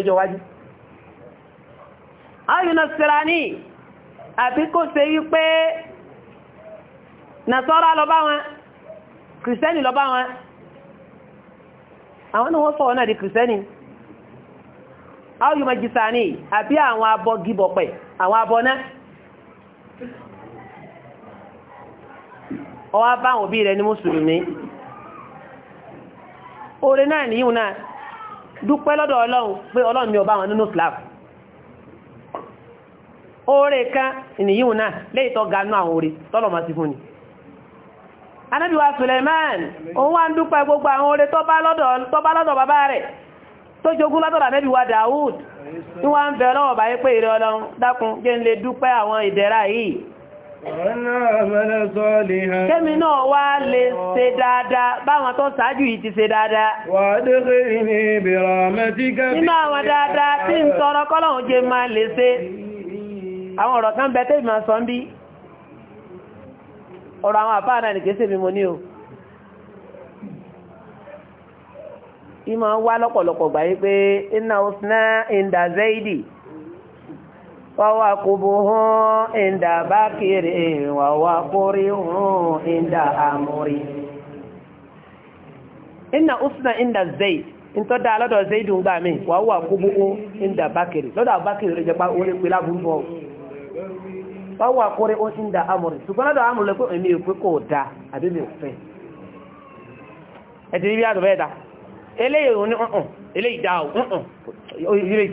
wọ́n jìsà ní àbí àwọn abọ́ gíbọ̀ pẹ̀ àwọn abọ́ náà ó wá bá àwọn òbí rẹ̀ ní mùsùlùmí oore náà níyùn náà dúpẹ́ lọ́dọ̀ ọlọ́run pé ọlọ́run mi ọba bá wọn nínú Islam oore kan níyùn náà léyìí tó ganú àwọn oore tọ́lọ̀mọ́ sí fún ni anábíwá Suleiman òun wá ń dúpẹ́ gbogbo àwọn oore tó bá lọ́dọ̀ bàbá rẹ̀ tó jogún lọ́dọ̀ Dawud ní ń bẹ̀rẹ̀ ọ̀bà yí pé ìrẹ́ ọlọ́run dákun jẹ́ ń lè dúpẹ́ àwọn ìdẹ̀ra yìí Kémi náà wá lè ṣe dáadáa báwọn tó sàájú yìí ti ṣe dáadáa. Wà dẹ́gbẹ́ ní ìbẹ̀rẹ̀ mẹ́tíkà. Nínú àwọn dáadáa tí ń tọrọ kọ́lọ̀hún jẹ máa lè ṣe. Àwọn ọ̀rọ̀ kan bẹ tẹ́bì máa sọ ń bí. Ọ̀rọ̀ àwọn àfáà náà nìkéṣe mi mo o. Ìmọ̀ wá lọ́pọ̀lọpọ̀ gbáyé pé, Inna Usna Inda Zaidi. wàwà kúbù hàn ìdá bá kiri wàwà kúrí hàn ìdá Usina iná usna da lọ́dọ̀ zayd ń gbà mí wàwà kúbù hàn ìdá lọ́dọ̀ àbákiri rẹ̀ jẹ́ orí wàwà kúrí ṣùgbọ́n lọ́dọ̀ kò ẹ̀tì ẹ̀dá eléyìí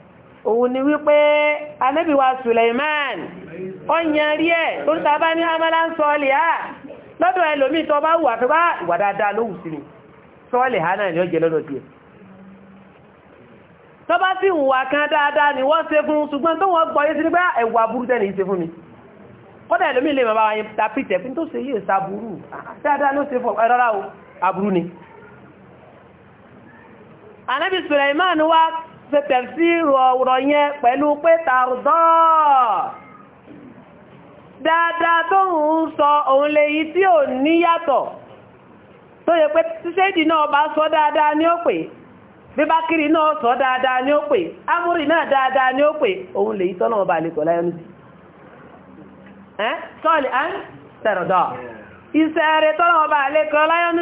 òun ni wípé anẹ́bíwa Suleiman ọ̀yàn rí ẹ̀ tó ń tàbá ní amọ́lá ń sọ́ọ̀lì á lọ́dọ̀ ẹlòmí tó bá wà tó bá wà dáadáa lóhùn sí ni sọ́ọ̀lì á náà ni ó jẹ lọ́dọ̀ tí ẹ̀ tó bá sí ìwà kan dáadáa ni wọ́n ṣe fún ṣùgbọ́n tó wọ́n gbọ́ yé ah, o àbúrú Suleiman wá ṣe tẹ̀síìrò ọ̀rọ̀ yẹn pẹ̀lú pé tàrùdọ́ dáadáa tó ń sọ òun lè yí tí ò níyàtọ̀ tó yẹ pé ṣíṣẹ́dì náà bá sọ dáadáa ní ó pè bíbákiri náà sọ dáadáa ní ó pè ámúrì náà dáadáa ní ó pè òun lè yí tọ́nà ọba àlekọ̀ láyọ́nù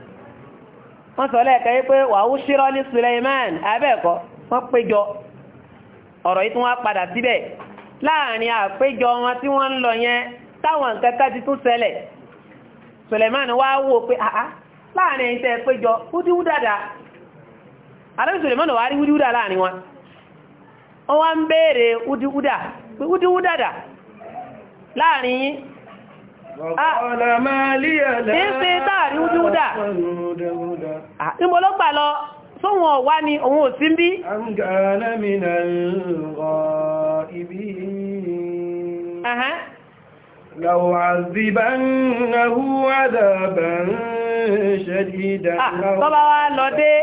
wọ́n sọ lẹ́ẹ̀kan yí pé wàhú ṣírọ́ ní Suleiman abẹ́ẹ̀kọ́ wọ́n péjọ ọ̀rọ̀ yìí tún wá padà síbẹ̀ láàrin àpéjọ wọn tí wọ́n ń lọ yẹn táwọn nǹkan ti tún ṣẹlẹ̀ Suleiman wá wò pé ah, ah, láàrin ẹ̀yìn péjọ dada. dáadáa àdébí Suleiman wà rí láàrin wọn wọ́n ń béèrè ọ̀là máa lé ẹ̀lẹ́ ṣe táàrí wúdúwúdà ìmọ̀lọ́gbà lọ sóhun ọ̀wá ni òun ò sí ń bí لو عذبنه عذابا شديدا tọ́bá wá lọ dé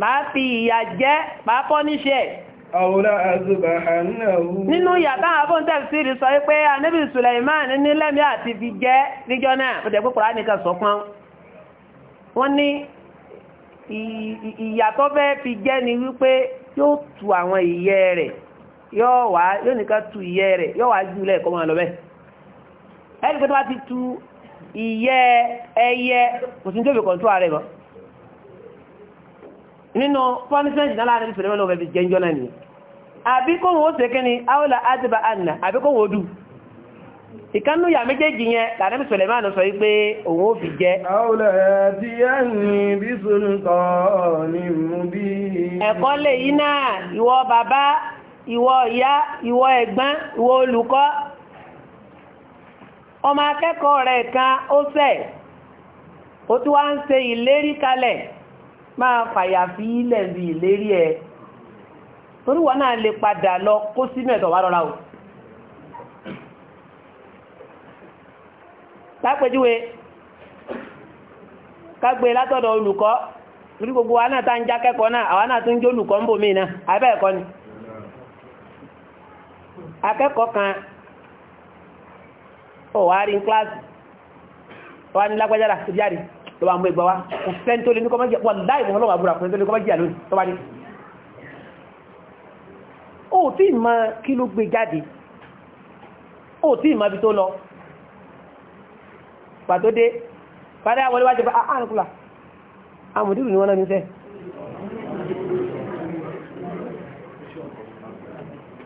máa fi ìyà jẹ́ máa pọ́ níṣẹ́ àwòrán àzùbàhà náà wù. nínú yàtá àbọ̀ ń rí sọ pé anábì Suleiman ní lẹ́mí àti fi jẹ́ níjọ́ náà ó jẹ́ pé kòrán sọ pọ́n wọ́n ní ìyàtọ̀ fẹ́ fi jẹ́ ni wípé yóò tu àwọn ìyẹ́ rẹ̀ yóò nìkan tu ìyẹ́ rẹ̀ yóò wá máa lọ bẹ́ẹ̀ nínú punishment náà láàrin fèrè mẹ́lọ́wọ́ fi náà ni àbí kó wọ́n ṣe ni aola adiba anna àbí kó wọ́n dù ìkánú ìyà méjèèjì yẹn láàrin sọ wípé òun ó fi jẹ́ ẹ̀kọ́ lè yí náà ìwọ bàbá ìwọ ìyá ìwọ ẹ̀gbọ́n ìwọ olùkọ́ ọmọ akẹ́kọ̀ọ́ rẹ̀ kan ó máa fàyà fi ilẹ̀ bí ìlérí ẹ̀ torí wọ́n náà lè padà lọ kó sí mẹ́tọ̀ wá rọra o lápẹjúwe kágbé látọ̀dọ̀ olùkọ́ torí gbogbo wa náà tá ń já kẹ́kọ̀ọ́ náà àwa náà tún jẹ́ olùkọ́ ń bò mí náà àbẹ́ ni akẹ́kọ̀ọ́ kan ò wá rí kíláàsì wá ní lágbájára ìjáde tó bá mú ẹgbà wá kò sẹ́ni tó lè ní kọ́ mẹ́jì wà láì mọ́ ọlọ́wà búra kò sẹ́ni tó lè kọ́ mẹ́jì à lónìí tó bá ní ó tí ì mọ kí ló gbé jáde ó tí ì mọ ibi tó lọ pàtó dé padà wọlé wájú bá àrùnkùlà àmùdírù ni wọ́n náà ní sẹ́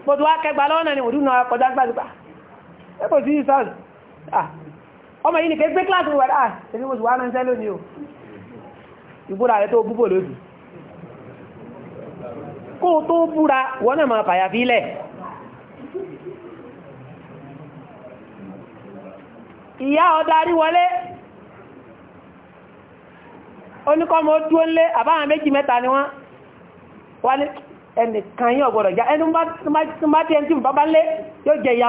gbogbo akẹgbà lọ́nà ni mùdírù náà kọjá gbàdúgbà ọmọ yìí ni kẹ́ gbé kíláàsì wà dáa ṣe bí mo sì wá náà sẹ́lò ní o ìbúra rẹ̀ tó búbò lójú kó tó búra wọ́n náà máa fàyà fi lẹ̀ ìyá ọ̀darí wọlé oníkọ́mọ dúó ńlé àbáwọn méjì mẹ́ta ni wọ́n wálé ẹnìkan yín ọ̀gbọ̀dọ̀ já ẹni tó bá tí ẹni tí bàbá ńlé yóò jẹ ìyá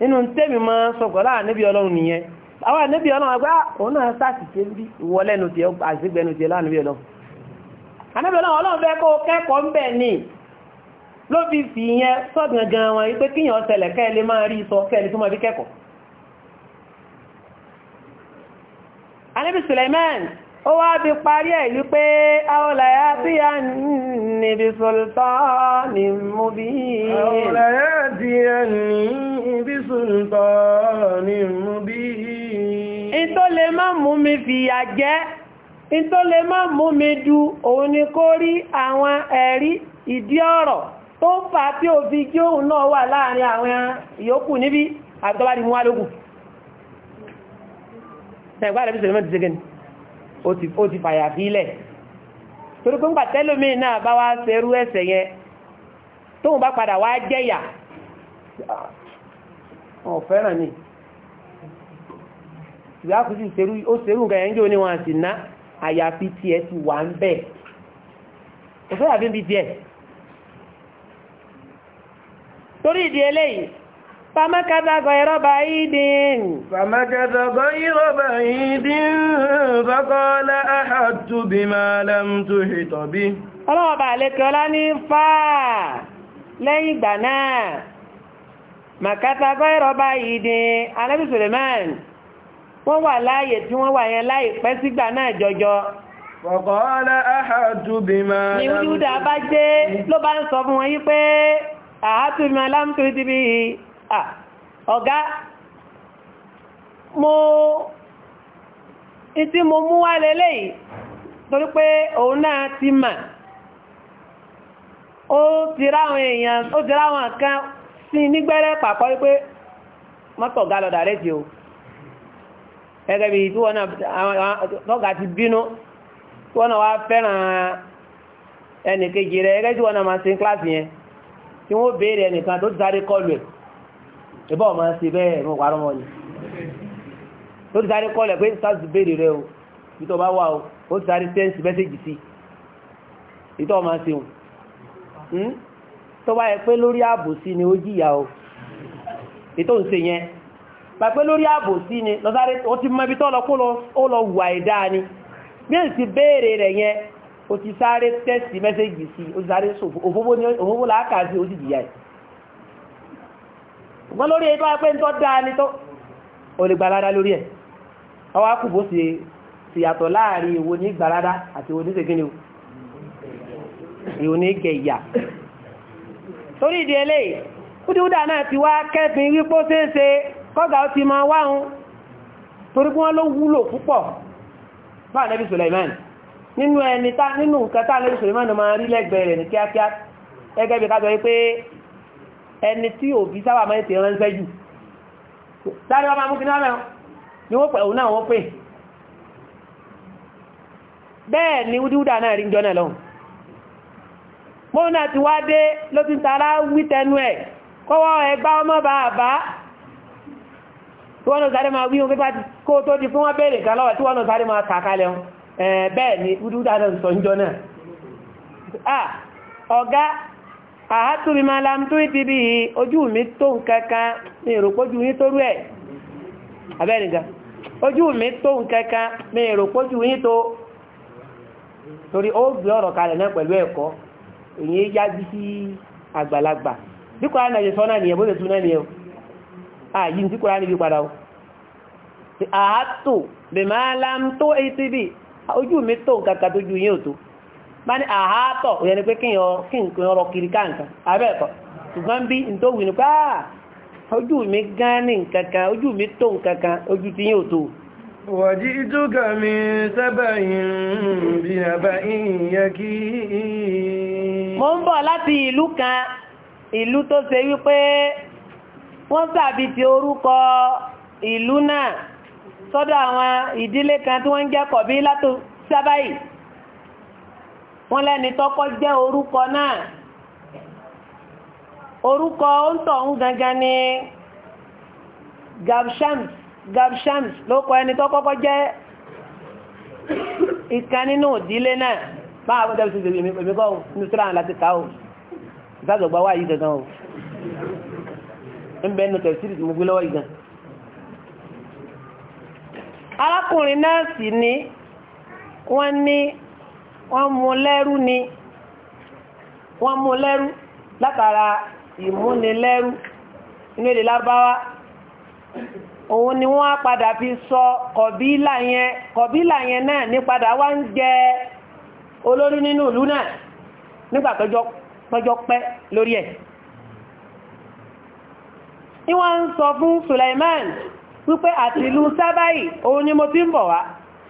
nínú tẹ́mi máa sọ pẹ̀lú ànábì ọlọ́run nìyẹn àwọn ànábì ọlọ́run agbá òun náà sáàsìké bí ìwọlẹ́nu tí àzígbẹnu tí lánàbì ọlọ́run ànábì ọlọ́run ọlọ́run fẹ́ kó kẹ́kọ̀ọ́ ń bẹ̀ ní ló fi fi yẹn sọ́gbọ̀n gan wọn ó wá bí parí ẹ̀ wípé aolàyá tí a níbi sultani mubin aolàyá tí a in tó lè má mú mi fìyà jẹ́ in tó lè má mú mi dù òun ni kó rí àwọn ẹ̀rí ìdí ọ̀rọ̀ tó ń fà tí ò fi kí òun náà wà láàrin àwọn ìyókù níbi àbítọ́bá di mú wá lókù ẹgbẹ́ àrẹ́bí sọ̀rọ̀ mọ́ ti ṣe ó ti fàyà sílẹ̀ torí pé ń náà bá wá ṣerú ẹ̀ṣẹ̀ yẹn tóun bá padà wá jẹ́yà ọ̀ ni ìyá kùsù jò ní wọn ná àyàfi ti wà ń bẹ̀ bi torí ìdí eléyìí فمكث غير بعيد فمكث غير بعيد فقال أحدت بما لم تحط به ọlọ́wọ́ bá lè kí ọlá ní fàá lẹ́yìn ìgbà náà makata gọ́ẹ̀rọ bá yìí ní anábì Suleiman wọ́n wà láàyè tí wọ́n wà láì pẹ́ sígbà náà jọjọ fọ̀kọ́ọ́lá àhàtù bímá ọ̀gá mo ìtí mo mú wá lélẹ̀ yìí torí pé òun náà ti mà ó ti ráwọn èèyàn ó ti ráwọn kan sí nígbẹ́rẹ́ pàpọ̀ wípé mọ́tò ọ̀gá lọ dàrẹ́ ti o gẹ́gẹ́ bí tí wọ́n náà ti bínú tí wọ́n náà wá fẹ́ràn ẹnìkejì rẹ̀ tí wọ́n náà máa kíláàsì yẹn tí wọ́n ẹnìkan tó ìbá ọmọ ṣe bẹ́ẹ̀ mú parọ́ mọ́ ni tó ti sáré kọ́lẹ̀ pé sáàsì béèrè rẹ o bí tó bá wà o ó ti sáré sẹ́ǹsì mẹ́sẹ̀gì sí ìtọ́ ọmọ ṣe o hmm? tó bá yẹ pé lórí àbòsí ni ó jìyà o ètò ń ṣe yẹn bá pé lórí àbòsí ni lọ́sáré ó ti mọ ibi tó lọ kó lọ ó lọ wà ẹ̀dá ni bí èsì béèrè rẹ̀ yẹn ó ti sáré tẹ́sì mẹ́sẹ̀gì sí ó ti sáré òfófó làákà sí ó ti jìyà yìí ṣùgbọ́n lórí ètò àpẹ́ ń tọ́ dáa ní tó o lè gbalada lórí ẹ̀ ọwọ́ kù bó ṣe ṣìyàtọ̀ láàrin ìwo ní gbalada àti ìwo ní ṣègínì o ìwo ní gẹ̀yà torí ìdí eléyìí kúdíwúdà náà ti wá kẹ́pin wípó ṣeéṣe kọ́gà ó ti máa wáhun torí kí wọ́n ló wúlò púpọ̀ fún ànábì Suleiman nínú ẹni nínú nǹkan tá ànábì Suleiman máa rí lẹ́gbẹ̀ẹ́ rẹ̀ ní kíákíá gẹ́gẹ́ bí ká sọ pé ẹni tí òbí sábà máa ń tè ránṣẹ́ jù sáré ọmọ amúkiní ọmọ ni wọ́n pẹ̀ òun náà wọ́n pè bẹ́ẹ̀ ni wúdíwúdà náà rí jọ́nà lọ́hùn mọ́nà ti wá dé ló ti tara wí tẹnu ẹ̀ kọ́wọ́ ẹgbá ọmọ bàbá tí wọ́n lọ sáré máa wí pípa kó tó di fún wọ́n béèrè kan lọ́wọ́ tí Aha mi máa lam tó ti bí ojú mi tó nǹkan kan mi rò pójú tó rú ẹ̀ abẹ́nìkan ojú mi tó nǹkan mi rò ju tó torí ó gbé ọ̀rọ̀ kalẹ̀ náà pẹ̀lú ẹ̀kọ́ èyí yá bí sí àgbàlagbà bí kò ránà ìṣọ́ náà nìyẹn bó ṣe tún náà nìyẹn ààyí tí kò ránà ibi padà ó àhátù mi máa lam tó ti bí ojú mi tó tó ju ò bá ní àhátọ̀ òyẹ́ ni pé kí kiri káàkan abẹ́ẹ̀kọ́ ṣùgbọ́n bí n tó wù ní pé ojú mi gán ní nǹkankan ojú mi tó kankan ojú ti yín tó wàjí ìtúkà mi sábàyìn bí nàbà ìyẹ kí mo ń bọ̀ láti ìlú kan ìlú tó ṣe wípé wọ́n sàbí ti orúkọ ìlú náà sọ́dọ̀ àwọn kan tí wọ́n ń látò wọ́n lẹ́ni tọ́kọ́ jẹ́ orúkọ náà orúkọ òǹtọ̀hún gangan ni gabshams gabshams ló kọ ẹni tọ́kọ́kọ́ jẹ́ ìkan nínú ìdílé náà máa wọ́n tẹ́bí sí ìgbèmíkọ́ nùsùlán láti káò ìsájọ̀gbà wà yìí gangan o ń bẹ́ẹ̀ nù tẹ̀sí mú gbé lọ́wọ́ ìgan arákùnrin náà sì ni wọ́n ní wọ́n mú lẹ́rú ni wọ́n mú lẹ́rú látara ìmúnilẹ́rú inú èdè lábáwá òun ni wọ́n á padà fi sọ kọ̀bílà yẹn kọ̀bílà yẹn náà ní padà wá jẹ olórí nínú ìlú náà nígbà pẹ́ lórí ẹ̀ ni wọ́n ń sọ fún Suleiman wípé àtìlú sábáyì òun ni mo ti bọ̀ wá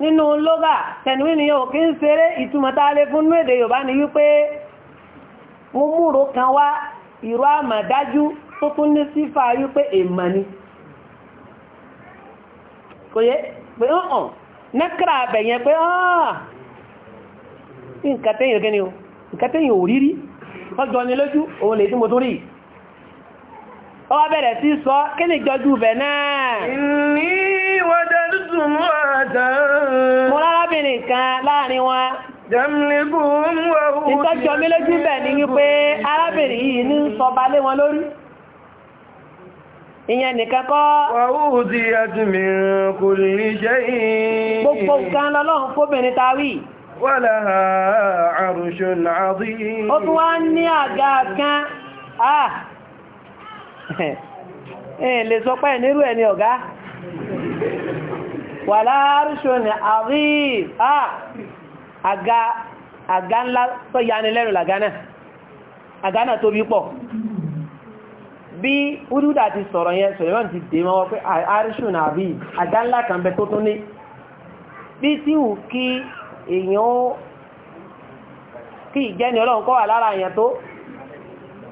nínú lóga tẹ̀núwí ni yóò kí ń ṣeré ìtumọ̀ta lè fún ní èdè Yorùbá ni wípé mo múrò kan wá ìró àmàdájú tó tún ní sífà wípé èèmọ̀ ni kò yẹ pé ọ̀hàn nẹ́kàrà àbẹ̀yẹn pé ọ̀hàn nǹkan tẹ́yìn òrírí ọjọ́ ni lójú òun lè tí mo tó rí yìí ọwọ́ bẹ̀rẹ̀ sí sọ kí ni jọjú bẹ̀ náà ní wọ́dẹ̀ tuntun mú àtàn mọ́ lárábìnrin kan láàrin wọn jẹ́mìlẹ́gùn wọ́wọ́ ìtọ́jọ́ mi lójú bẹ̀ ní wípé arábìnrin yìí ní sọba lé wọn lórí ìyẹn nìkan kọ́ wọ́wọ́ ti àtúnmí kò lè ṣe yìí gbogbo nǹkan lọ́lọ́run fóbìnrin ta wí wọ́lá àrùṣùn àdí ó tún wá ní àga kan ah! ẹ̀ lè sọ pẹ́ nírú ẹni ọ̀gá wà láàrùsọ ní àríf àga àga ńlá tó yani lẹ́nu làgánà àgánà tó bí pọ̀ bí wúdúdà ti sọ̀rọ̀ yẹn sọ̀rọ̀ ti dè mọ́ pé àrísùn àbí àga ńlá kan bẹ tó tún ní bí tí wù kí èèyàn kí ìjẹ́ni ọlọ́run kọ́ wà lára èèyàn tó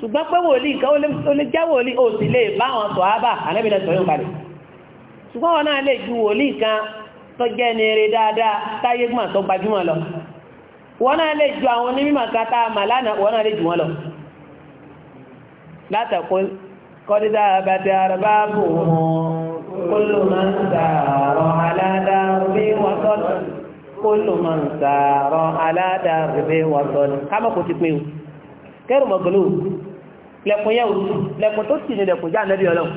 ṣùgbọ́n pé wòlíì nǹkan ó lè jẹ́ wòlíì ó sì lè bá àwọn sọ̀hábà alẹ́bìnrin sọ̀rọ̀ ń balẹ̀ ṣùgbọ́n wọn náà lè ju wòlíì kan tó jẹ́ ní eré dáadáa táyé gbọ́n tó gbajúmọ̀ lọ wọn náà lè ju àwọn onímọ̀ kan tá a mà lánàá wọn náà lè ju wọn lọ látàkó kọ́dídá abàtì àrùbá bù kólù máa ń sàárọ̀ aládàrúbí wọ́n sọ́nà kólù máa ń lẹ̀kùn yẹn òun lẹ̀kùn tó sì ní lẹ̀kùn já nẹ́bí ọlọ́run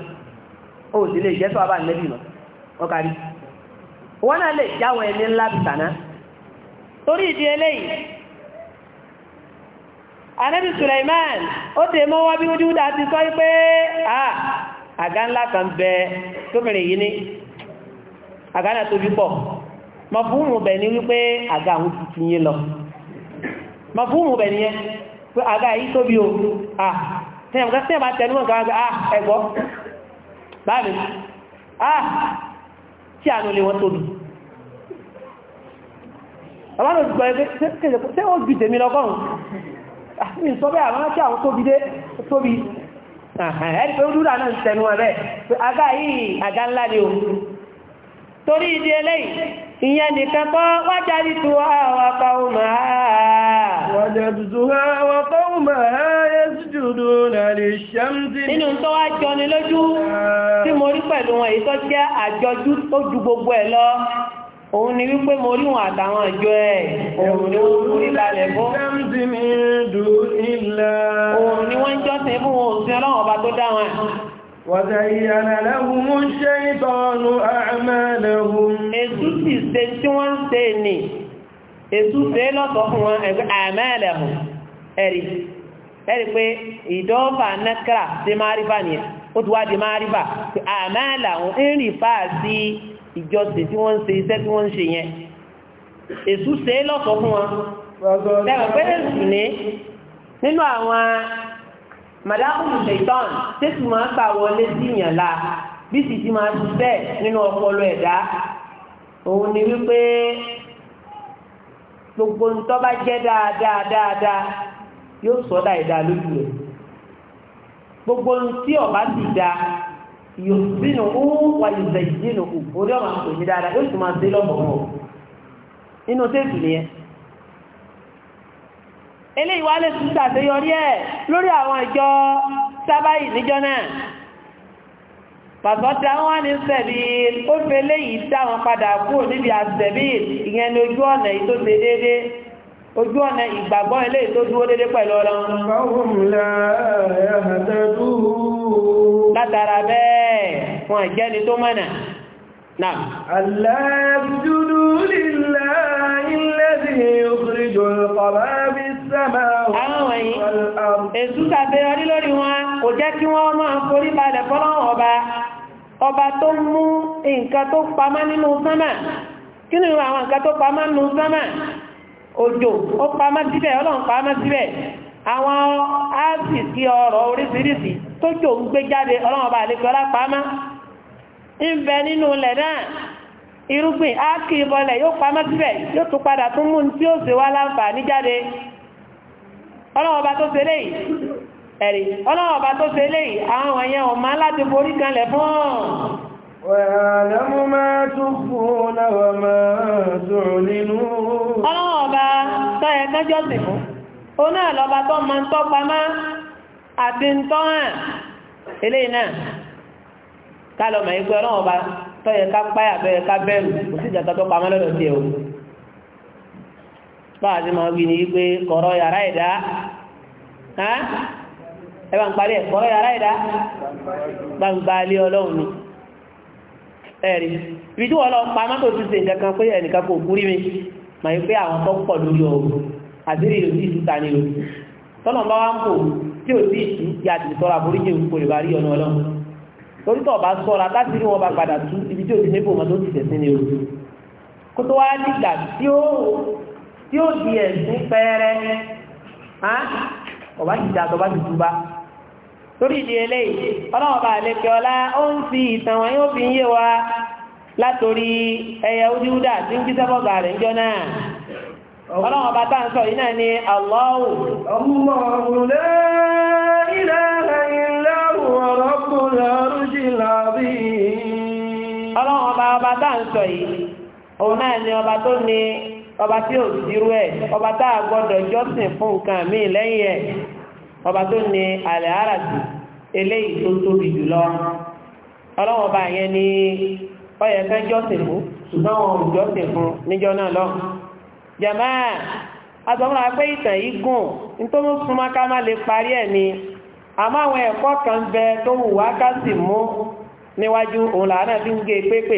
ó sì lè jẹ́ tó àbá nẹ́bí mọ́ ọkàrí wọ́n náà lè jáwọ ẹni ńlá bìtàná torí ìdí eléyìí anẹ́bí Suleiman ó tè mọ́ wá bí ó dúdá ti sọ pé àgá ńlá kan bẹ tóbìnrin yìí ní àgá náà tóbi pọ̀ mọ̀ fún bẹ̀ ní wípé àgá àwọn tuntun yìí lọ mọ̀ fún bẹ̀ ní yẹn àgá yìí tóbi o ẹ̀ ọ̀gá tí ẹ̀ bá tẹnu mọ́ nǹkan ah ẹ̀gbọ́ báàmì ah tí àánú lè wọ́n tóbi bàbá ló gbọ́ ẹgbẹ́ tí ó ju tèmi lọ́gọ́rùn ah, mi sọ bẹ́ẹ̀ àmọ́ tí àwọn tóbi dé tóbi torí ìdí eléyìí ìyẹn nìkan kọ́ wájá títù àwọ̀kọ́ máa wájá títù àwọ̀kọ́ máa yẹ síjúdú lálẹ́ tó wá jọ ni lójú tí mo rí pẹ̀lú wọn èyí tó jẹ́ àjọjú tó ju gbogbo ẹ̀ lọ òun ni wípé mo rí wọn àtàwọn ìjọ ẹ̀ òun ni wọ́n kúrí lálẹ̀ fún fún òun sí ọlọ́run ọba tó dá wọn وزين لهم الشيطان أعمالهم èṣù sì ṣe tí wọ́n ń ṣe ní èṣù ṣe lọ́sọ̀ fún wọn ẹgbẹ́ àmàlẹ̀hùn ẹ̀rí ẹ̀rí pé ìdọ́fà nákàrà sí márífà nìyẹn ó ti wá di márífà àmàlẹ̀hùn ìrìn fà sí ìjọsìn tí wọ́n ń ṣe iṣẹ́ tí wọ́n ń ṣe yẹn èṣù màdákùnrin ṣètọ́n tẹ́sí máa ń gbà wọlé sí ìyàn la bí sì ti máa ṣiṣẹ́ nínú ọpọlọ ẹ̀dá òun ni wípé gbogbo ń tó bá jẹ́ dáadáa dáadáa yóò sọ́dà ẹ̀dá lójú rẹ̀ gbogbo ń tí ọ̀bá sì da yóò sínú òun wà yóò zẹ̀yìn sínú òun orí ọ̀ma pè ní dáadáa yóò sì máa dé lọ́mọ̀ọ́ inú tẹ́sí nìyẹn eléyìí wá lè tún ṣàṣeyọrí ẹ̀ lórí àwọn ìjọ sábàyì níjọ náà pàtó tí àwọn ní sẹ̀bìl ó fẹ́ léyìí táwọn padà kúrò níbi àṣẹ̀bìl ìyẹn ni ojú ọ̀nà yìí tó ṣe déédé ojú ọ̀nà ìgbàgbọ́ ilé tó dúró déédé pẹ̀lú ọlọ́run látara bẹ́ẹ̀ wọn jẹ́ni tó mọ̀nà náà aláàbùdúdú lílá ilẹ̀ àwọn yìí èsù sàfẹ́yọrí lórí wọn kò jẹ́ kí wọ́n máa forí balẹ̀ fọ́lọ́wọ́ ọba ọba tó mú nǹkan tó pamá nínú sánmà kí ni àwọn nǹkan tó pamá nínú sánmà òjò ó pamá síbẹ̀ ọlọ́run pamá síbẹ̀ àwọn áàsì sí ọ̀rọ̀ oríṣiríṣi tó jò ń gbé jáde ọlọ́run ọba àlejò ọlá pamá ń bẹ nínú ilẹ̀ náà irúgbìn áàkì ìbọlẹ̀ yóò pamá síbẹ̀ yóò tún padà tún mú tí ó sì wá láǹfààní jáde ọlọ́wọ́ bá tó ṣe léyìí ẹ̀rí ọlọ́wọ́ bá tó ṣe léyìí àwọn ẹ̀yẹn ọ̀má láti forí kanlẹ̀ fún ọ̀n Wẹ̀rẹ̀lẹ́mú máa tún fún náà máa tún nínú. Ọlọ́run ọba tọ́ ẹ kánjọ́ sí fún. Ó náà lọba tọ́ ma ń tọ́ pamá àti ń tọ́ hàn. Eléyìí náà, ká lọ mọ̀ ẹgbẹ́ ọlọ́run ẹwà ń parí ẹ̀kọ́ yàrá ìdá gbangba alẹ́ ọlọ́run ni ẹ̀rí ibi tí wọ́n lọ pa mọ́tò tí ṣe pé ẹnìkan kò gúrí mi ma yí pé àwọn tó pọ̀ lórí ọ̀rọ̀ àbírí ìlú ìlú ta ni o tọ́nà bá tí ya ti kò lè bá rí ọ̀nà ọlọ́run torí bá ibi tí ò sí mọ́tò ti tẹ̀sí ni o tí ó di ẹ̀sìn pẹ́ẹ́rẹ́ ọba ti tọba ti torí ìdí eléyìí ọlọ́wọ́ bá ọlá ó ń fi ìtàn yóò fi ń yé wa látòrí ẹyẹ ojúdà tí ń kíṣẹ́ rẹ̀ jọ náà ọlọ́wọ́ bá ń sọ yìí náà ni Allahu Allahu ń sọ yìí òun náà ni ọba tó ní ọba tí ò sírú ẹ̀ ọba tá a gbọ́dọ̀ jọ́sìn fún nǹkan mí lẹ́yìn ẹ̀ ọba tó ní alẹ́ àràtì eléyìí tó tóbi jùlọ ọlọ́wọ́n ọba yẹn ni ọyẹ fẹ́ jọ́sìn fún ṣùgbọ́n wọn ò jọ́sìn fún níjọ́ náà lọ. jàmáà àtọ́mọ́ apẹ́ ìtàn yìí gùn nítorí súnmọ́ má lè parí ẹ̀ ni àmọ́ àwọn ẹ̀kọ́ kan bẹ tó wù wá ká sì mú níwájú òun làánà fi ń gé pépèpé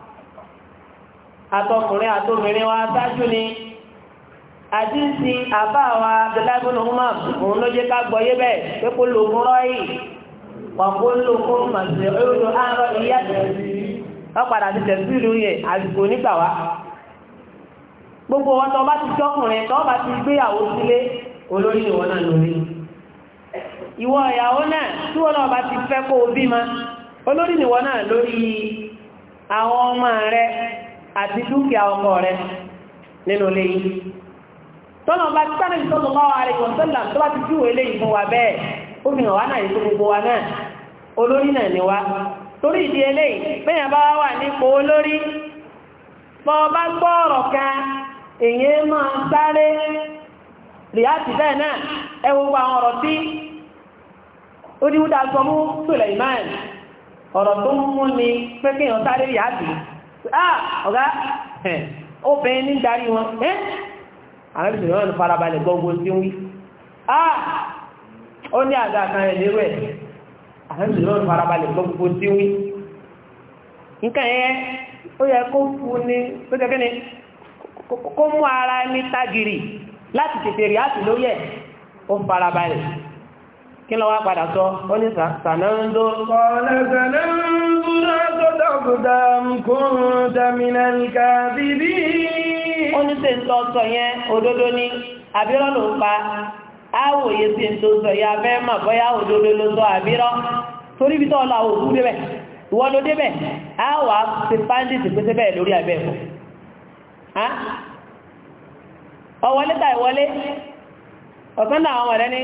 atọkùnrin àtòmìnrin wa sáájú ni àdínsì àbá wa abdullahi umar òun ló jẹ́ ká gbọ́ bẹ́ẹ̀ pé kó lò fún fún màṣẹ àárọ̀ ìyá wa gbogbo wọn tó bá ti tọkùnrin tó bá ti gbéyàwó sílé olórí ìwọ náà lórí ìwọ ìyàwó àti dúkìá ọkọ rẹ nínú ilé yìí tọ́nà ọba tí sáré ìtọ́nà bá wà rẹ̀ tó bá ti wa bẹ́ẹ̀ ó wá náà gbogbo wa náà olórí náà ni torí ìdí eléyìí bẹ́yàn bá wà nípò olórí bọ́ ọba gbọ́ ọ̀rọ̀ kan èyí máa sáré bẹ́ẹ̀ náà ẹ gbogbo àwọn ọ̀rọ̀ tí ó ní Ah, ọ̀gá obìnrin ní darí wọn ẹ́ àwọn ìṣẹ̀lẹ̀ wọn farabalẹ̀ gbogbo tí ń wí ah, ó ní àga kan ẹ̀ lérò ẹ̀ àwọn ìṣẹ̀lẹ̀ wọn farabalẹ̀ gbogbo tí ń wí nǹkan ẹ̀ ó yẹ kó fún ní ó jẹ́ kíni kó mú ara ní tágìrì láti tètè rí àti lóyẹ̀ ó farabalẹ̀ kí lọ wá padà sọ ó ní sànáńdó ọ̀lẹ́ sànáńdó látọ́dọ̀kùdà kún tàmínà kàbíbí ó ní tẹ́ sọ yẹn òdodo ní àbírọ́ ló pa áwòye sí ń sọ ya fẹ́ mà bọ́yá òdodo ló sọ àbírọ́ torí bí tọ́ọ̀lọ́ àwọn òkú débẹ̀ ló débẹ̀ ti lórí ọ̀kan náà àwọn ọ̀rẹ́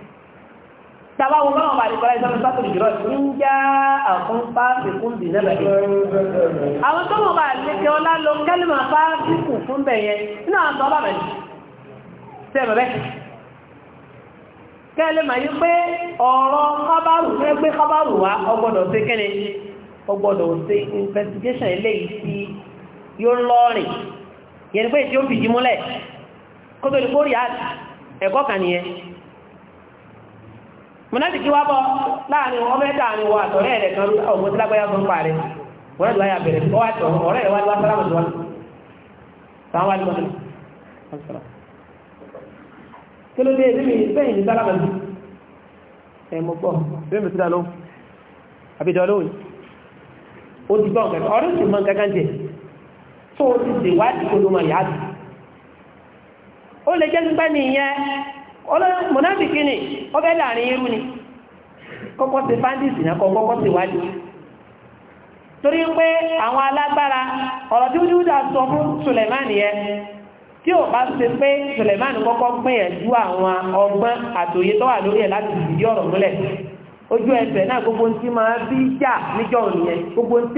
tàbá wọn bá wọn bá nìkọ́lá ìsọ́nà sátò ìjọ ní ń já àfún fásikún bì náà bẹ̀rẹ̀ àwọn tó wọn bá lékè ọlá lọ kẹ́lìmà fásikù fún bẹ̀yẹn nínú àwọn tó bá bẹ̀rẹ̀ tẹ́ bẹ̀rẹ̀ kẹ́lìmà yí pé ọ̀rọ̀ kábàrù fẹ́ gbé kábàrù wá ọgbọ́dọ̀ sí kíni ọgbọ́dọ̀ sí investigation eléyìí sí yóò lọ́rìn yẹn pé tí ó fìdí múlẹ̀ kó mọ̀nàdìkì wá bọ́ láàrin ọmọ ẹ̀dà àrin wọ àtọ̀rẹ́ kan ọmọ tí lágbáyà fún parí wọ́n lọ́yà bẹ̀rẹ̀ ọwọ́ àtọ̀ ọ̀rẹ́ rẹ̀ wá lọ́wọ́ sálámù tó wá sáwọn wá ndị sálámù kí ló ndị ìdíbi sẹ́yìn ní ndị tó ẹ̀ mọ̀ ndị mọ̀nàbìkì ni ọbẹ̀ láàrin irú ni kọ́kọ́ ti fáńdìsì náà kọ́kọ́ ti wájú torí pé àwọn alágbára ọ̀rọ̀ tí ó ní ìdá sọ fún Sulemani yẹ tí ò bá ṣe pé Sulemani kọ́kọ́ gbìyànjú àwọn ọgbọ́n àtòyé lórí ẹ̀ láti ọ̀rọ̀ múlẹ̀ ojú náà gbogbo tí bí jà níjọ́ òní gbogbo tí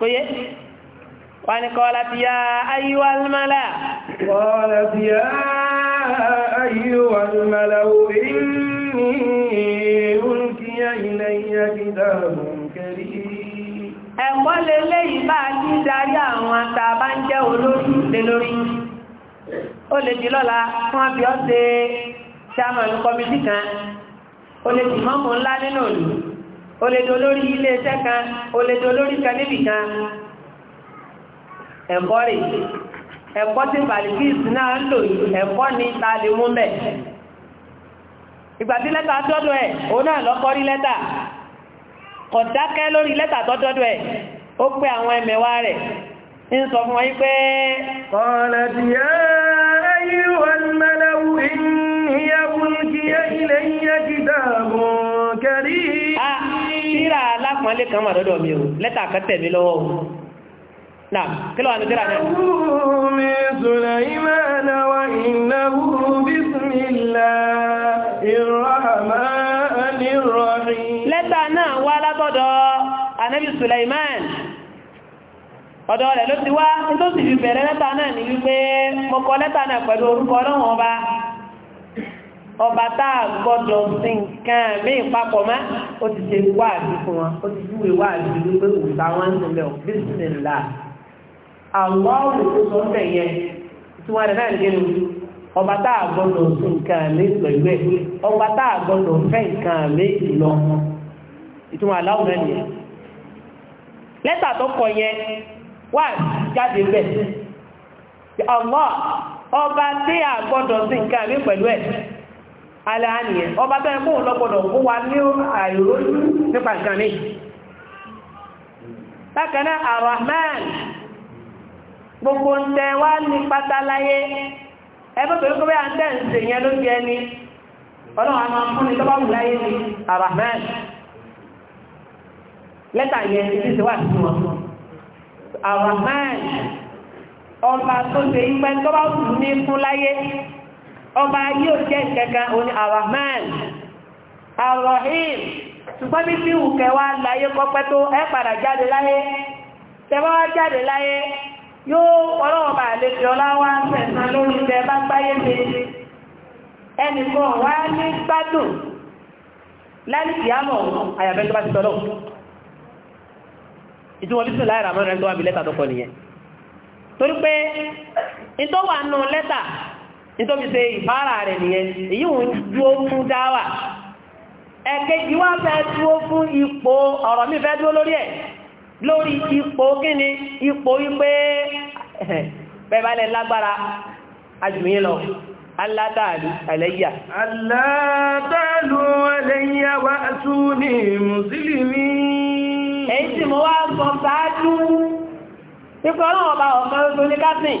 kóyé wọ́n ni kọ́lá ti yá ayíwá mẹ́lá kọ́lá ti yá ayíwá mẹ́lá Ẹ̀kọ́ lè léyìí bá ti darí àwọn àtàbá ń jẹ́ olórí lè lórí. Ó lè di lọ́la fún àbí ọ́ ṣe ṣáàmà ní kọmítì kan. Ó lè dì mọ́mù ńlá nínú òlù o lè di olórí ilé iṣẹ́ kan o lè di olórí kan níbì kan ẹ̀kọ́ rè ẹ̀kọ́ tí balikis náà ń lò ẹ̀kọ́ ni ta lè mú mẹ́ ìgbà tí lẹ́tà tọ́dọ̀ ẹ̀ òun náà lọ́kọ́ rí lẹ́tà kò dákẹ́ lórí lẹ́tà tọ́dọ̀ ẹ̀ ó pé àwọn ẹmẹ̀wà rẹ̀ ń sọ fún wọ́n pé ọ̀rẹ́dì ayé wọn mẹ́lẹ́wù tíra alápọ̀nlé kan wà lọ́dọ̀ mi o lẹ́tà kan tẹ̀ mí lọ́wọ́ o náà kí ló wà ní tíra náà. mi sùlẹ̀yìnmẹ́nà wa ìnáwó bísmìlá ìrọ̀hàmánì ní wípé mo náà pẹ̀lú orúkọ ọba tá a gbọ́dọ̀ sí nǹkan míì papọ̀ mọ́ ó ti ṣe wáàdí fún wọn ó ti júwe wáàdí wípé òòtà wọn ń lọ bísímìlá àwọn olùkóso ń bẹ̀ yẹn tí wọ́n rẹ̀ náà ní kéde ọba tá a gbọ́dọ̀ sí nǹkan míì pẹ̀lú ẹ̀ ọba tá a gbọ́dọ̀ fẹ́ nǹkan míì lọ ìtumọ̀ aláwọ̀ náà nìyẹn lẹ́tà tó kọ yẹn wà jáde bẹ́ẹ̀ ọmọ ọba tí a gbọ́dọ̀ sí nǹkan míì pẹ̀lú ẹ̀ aláàníyàn ọba bẹ́ẹ̀ mọ́ lọ́gbọ̀dọ̀ fún wa ní àìrójú nípa nǹkan ní bákaná arahman gbogbo ń tẹ wá ní pátáláyé ẹgbẹ́gbẹ́ gbogbo à ń tẹ́ ń sè yẹn ló jẹ ní ọlọ́run àwọn afúnni tó bá wù láyé ní arahman lẹ́tà yẹn ti ti wà sí wọn ọba yóò jẹ́ kẹka oní arahman arahim ṣùgbọ́n bí tí ìwùkẹ́ wá láyé kọ́pẹ́ tó ẹ padà jáde láyé tẹ́wọ́ jáde láyé yóò ọlọ́wọ́ bá lè fi ọlá wá sẹ̀sán lórí ilẹ̀ bá gbáyé mi ẹnìkan wá ní gbádùn lálìkì àmọ̀ àyàfẹ́ tó bá ti tọ́lọ́ ìtumọ̀ bí sùn láì ràmọ́ rẹ̀ tó wà bí lẹ́tà tó kọ nìyẹn torí pé ìtọ́wà nù lẹ́tà nítorí ṣe ìfárà rẹ̀ nìyẹn èyí ò ń dúó fún dáwà ẹ̀kejì wá fẹ́ dúó fún ipò ọ̀rọ̀ mi fẹ́ dúó lórí ẹ̀ lórí ipò kíni ipò wípé bẹ́ẹ̀bálẹ̀ lágbára ajùmíyìn lọ alátàlú àlẹ́yà alátàlú àlẹ́yà wá tún mùsùlùmí èyí tí mo wá sọ sáájú pípọ̀ ọlọ́wọ́ bá ọ̀kan ní kásìn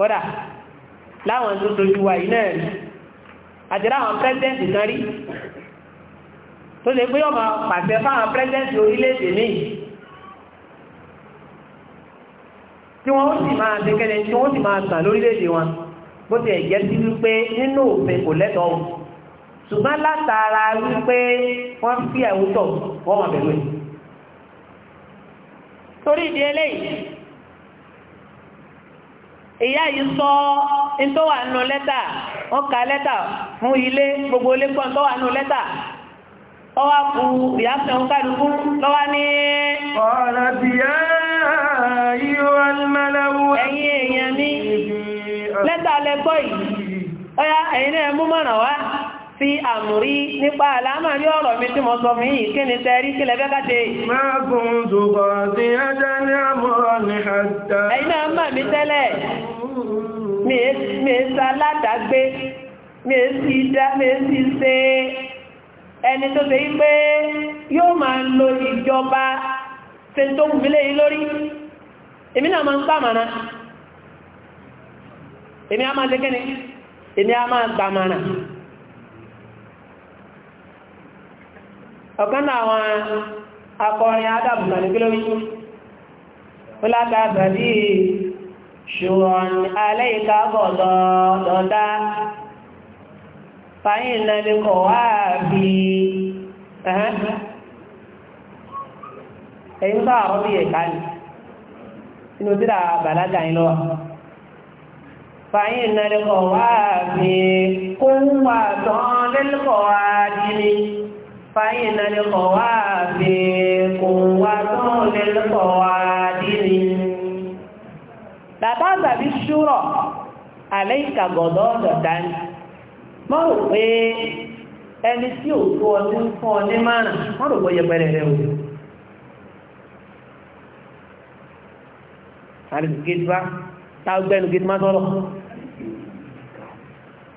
kọ́dà láwọn tó dojú wa yìí náà rí àtẹ̀lé àwọn pírẹ́sidẹ́ǹtì kan rí tó lè pé ọmọ pàṣẹ fáwọn pírẹ́sidẹ́ǹtì orílẹ̀-èdè míì tí wọ́n sì máa tẹ́kẹ́lẹ̀ tí wọ́n sì máa tàn lórílẹ̀-èdè wọn bó ti ẹ̀jẹ́ sí wípé nínú òfin kò lẹ́tọ̀ọ́ ṣùgbọ́n látara wípé wọ́n fi ẹ̀wùtọ̀ wọ́n mọ̀ bẹ̀rẹ̀ torí ìdí eléyìí ìyá yìí sọ ntọ́ wà nù lẹ́tà wọ́n ka lẹ́tà fún ilé gbogbo ilé pọ̀ ntọ́ wà nù lẹ́tà ọwá kú ìyá sẹ́wọ́n kálukú lọ́wọ́ ní. ọ̀rọ̀ bí yá yíò alimẹ́lẹ́wò. ẹ̀yin èèyàn mi lẹ́tà lẹ́kọ̀ọ́ yìí ọ̀yá ẹ̀yin náà mú mọ̀ràn wá fi àmúrí nípa àlámà ní ọ̀rọ̀ mi tí mo sọ fún yìí kí ni tẹ́rí kí lẹ́fẹ́ káte. máa kún dùgbọ̀ sí ẹjẹ́ ní àmúrọ̀ ní àjá. ẹ̀yin náà mà mí tẹ́lẹ̀ mi sa ládàgbé mi sì ṣe ẹni tó ṣe pé yóò máa lo ìjọba ṣe tó wù mí léyìn lórí èmi náà máa ń gbàmàrà èmi á máa ṣe kíni èmi á máa gbàmàrà ọ̀kan náà àwọn akọrin adàbùnà ní kílórí fúlátàbà bí ṣùgbọ́n alẹ́ ìkábọ̀ lọ́dá fàyín ìlànà kọ̀ wá bí ẹ̀yìn ń bá àwọn bí ẹ̀ka ni inú tí dáa bàlágà yìí lọ́wọ́ fàyín ìlànà kọ̀ wá bí kó wà tán lẹ́lẹ́kọ̀ọ́ فإن القوافي قوة للقوادر لا بأس بالشورى عليك غضاض دان mo rò pé ẹni tí ò tó ọdí fún ọ ní márùn mo rò pé yẹpẹrẹ rẹ o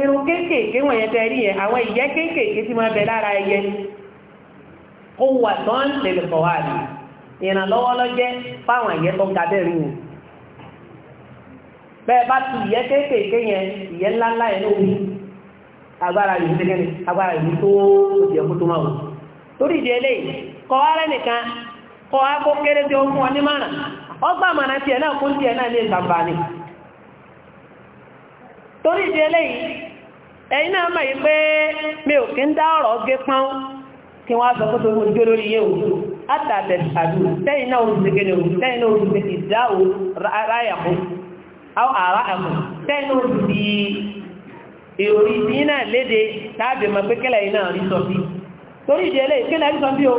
irun kéékèèké wọ̀nyẹn tẹ́ rí yẹn àwọn ìyẹ́ kéékèèké tí máa bẹ lára ẹyẹ ó wà tán lèlè fọwáàdì ìrànlọ́wọ́ lọ́jẹ́ fáwọn ìyẹ́ tó ga bẹ́ẹ̀ rú bẹ́ẹ̀ bá ti ìyẹ́ kéékèèké yẹn ìyẹ́ ńláńlá yẹn lóbi agbára yìí tẹ́gẹ́ ni agbára yìí tó òbí ẹ̀kú tó máa wò torí ìdí eléyìí kọ́ ara nìkan kọ́ akó kéré tí ó fún ọ ní márùn náà torí ìdí eléyìí ẹ̀yìn náà mọ̀ yìí pé mi ò kí ń dá ọ̀rọ̀ gé pọ́n kí wọ́n sọ pé mo lórí tẹ́yìn náà oṣù tẹ́yìn náà oṣù ìdá tẹ́yìn náà oṣù ìròrí náà léde láàbì pé náà rí sọ torí ìdí eléyìí rí o.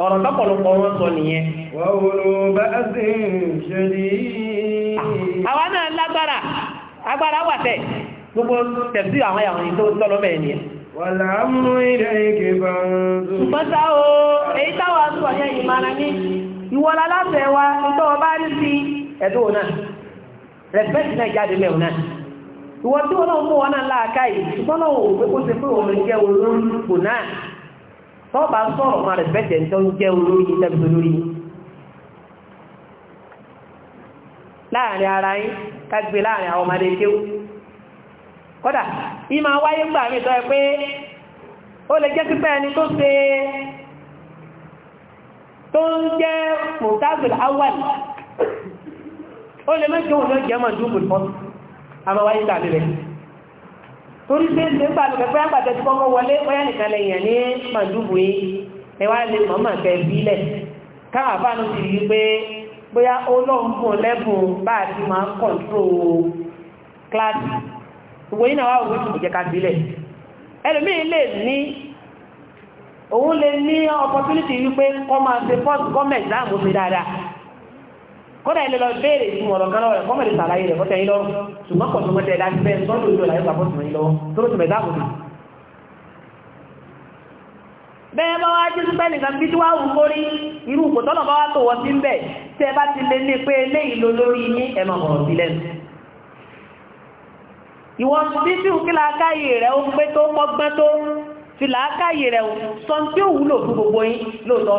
ọ̀rọ̀ tọ́pọ̀lọpọ̀ wọn sọ nìyẹn ah, àwọn náà lágbára agbára wà tẹ́ gbogbo tẹ̀sí àwọn àwọn ìtò tọ́lọ́mẹ̀ ènìyàn ṣùgbọ́nsá o èyí táwà sọ yẹ ìmara ní ìwọ̀lá láfẹ́ wa tó ọba rí sí ẹ̀tọ́ náà rẹ̀pẹ́tì náà jáde mẹ́ náà ìwọ̀n tí wọ́n náà mú wọn náà láàká ṣùgbọ́n náà ò pé kó pé òun jẹ́ olóòrùn tọ́ba sọ̀rọ̀ máa rẹ̀ bẹ́tẹ̀ ń tọ́ ń jẹ́ olórí yìí tẹ́bi olórí yìí láàrin ara yín kágbé láàrin àwọn ọmọdé kéwú kódà yìí máa wáyé gbà mí tọ́ ẹ pé ó lè jẹ́ pípẹ́ ẹni tó ṣe tó ń jẹ́ mùtágbèlè awal ó lè mẹ́jọ òun ló jẹ́ mọ̀ dúpọ̀ àmọ́ wáyé gbà torí pé ń gbà lọ pẹ̀pẹ́ àgbàjọ tí kọ́kọ́ wọlé bóyá nìkan lẹ́yìn ní màdúbù yìí ẹ wá lè mọ̀ màá fẹ́ bílẹ̀ káwọn àbánu ti rí pé bóyá ó lọ́n bùn lẹ́bùn bá a ti máa kọ̀ǹtró kíláàsì ìwé yìí náà wà òwe tìbùjẹ ká bílẹ̀ ẹlòmíín lè ní opportunity wípé kọ́ máa ṣe first comment kọ́dà ilé lọ béèrè fún ọ̀rọ̀ kan lọ́rẹ̀ kọ́mọ̀ lè sàlàyé rẹ̀ fọ́tẹ̀ yín lọ́rùn ṣùgbọ́n kọ̀ tó mọ́tẹ̀ láti bẹ́ẹ̀ sọ́dọ̀ ìlú ọ̀làyé pàpọ̀ tìmọ̀ yín lọ́wọ́ tó tìmọ̀ ìdáàbò bì. bẹ́ẹ̀ bá wá jésù pẹ́ nìkan bí tí wá wù kórí irú kò tọ́nà bá wá tó wọ́ sí ń bẹ̀ tẹ́ bá ti lé ní pé eléyìí ló lórí yín ẹ̀ máa mọ̀rọ̀ sí ìwọ̀n bí tí òkè làákàyè rẹ̀ ó pé tó mọ́gbọ́n tó fi làákàyè rẹ̀ sọ tí ó wúlò fún gbogbo yín lóòótọ́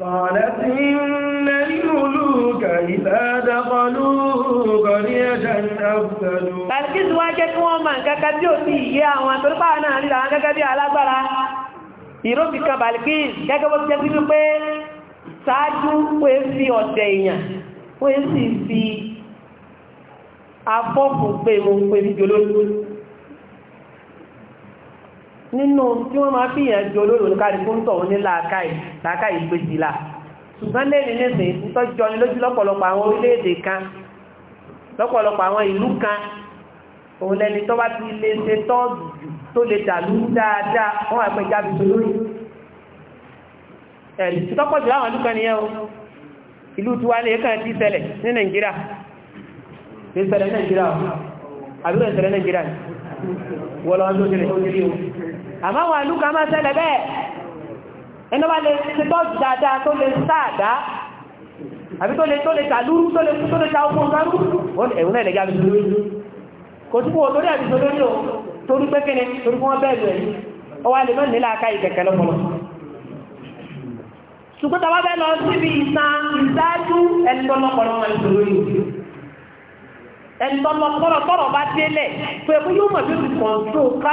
قالت إن الملوك إذا دخلوا قرية أفسدوا Balkis wá jẹ́ kí wọ́n mọ̀ nǹkankan tí ó sì yé àwọn gẹ́gẹ́ bí ti jẹ́ wípé ṣáájú pé sí ọ̀dẹ̀ èèyàn, pé sì fi afọ́kùn pé mo pè ní jolóòrùn nínú tí wọ́n máa fi yẹn jọ lórí oníkàrí fún tọ̀ ní làákàì làákàì gbèjìlá ṣùgbọ́n lẹ́ni nísìn ìtọ́jọ́ ni lójú lọ́pọ̀lọpọ̀ àwọn orílẹ̀-èdè kan lọ́pọ̀lọpọ̀ àwọn ìlú kan òun lẹ́ni tó bá ti lè ṣe tọ́ọ̀dù tó lè dàlú dáadáa wọ́n àpẹ jáde tó lórí ẹ̀rì tí tọ́pọ̀ jù láwọn dúkan nìyẹn o ìlú tí wà ní ẹ̀kan ti ṣẹlẹ̀ ní Nàìjíríà ní ṣẹlẹ̀ Nàìjíríà àbúrò ìṣẹlẹ̀ Nàìjíríà wọ́n lọ́wọ́ tó ṣẹlẹ̀ tó ṣẹlẹ̀ o àmọ́ àwọn àlú kan máa ṣẹlẹ̀ bẹ́ẹ̀ ẹni wá lè ṣe tọ́jú dáadáa tó lè sáàdá àbí tó lè tó lè tàlúrú tó lè tó lè ta ọkùn kárú ẹ̀rùn náà lẹ́gbẹ́ àbíṣe lórí kò tí kò torí àbíṣe lórí o torí pé kíni torí wọ́n bẹ́ẹ̀ lọ yìí ọ wá lè mọ́ nílá aká ìkẹ̀kẹ́ lọ́pọ̀lọ́ ṣùgbọ́n tàbá bẹ́ẹ̀ lọ síbi ìsan ìsáájú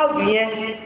ẹni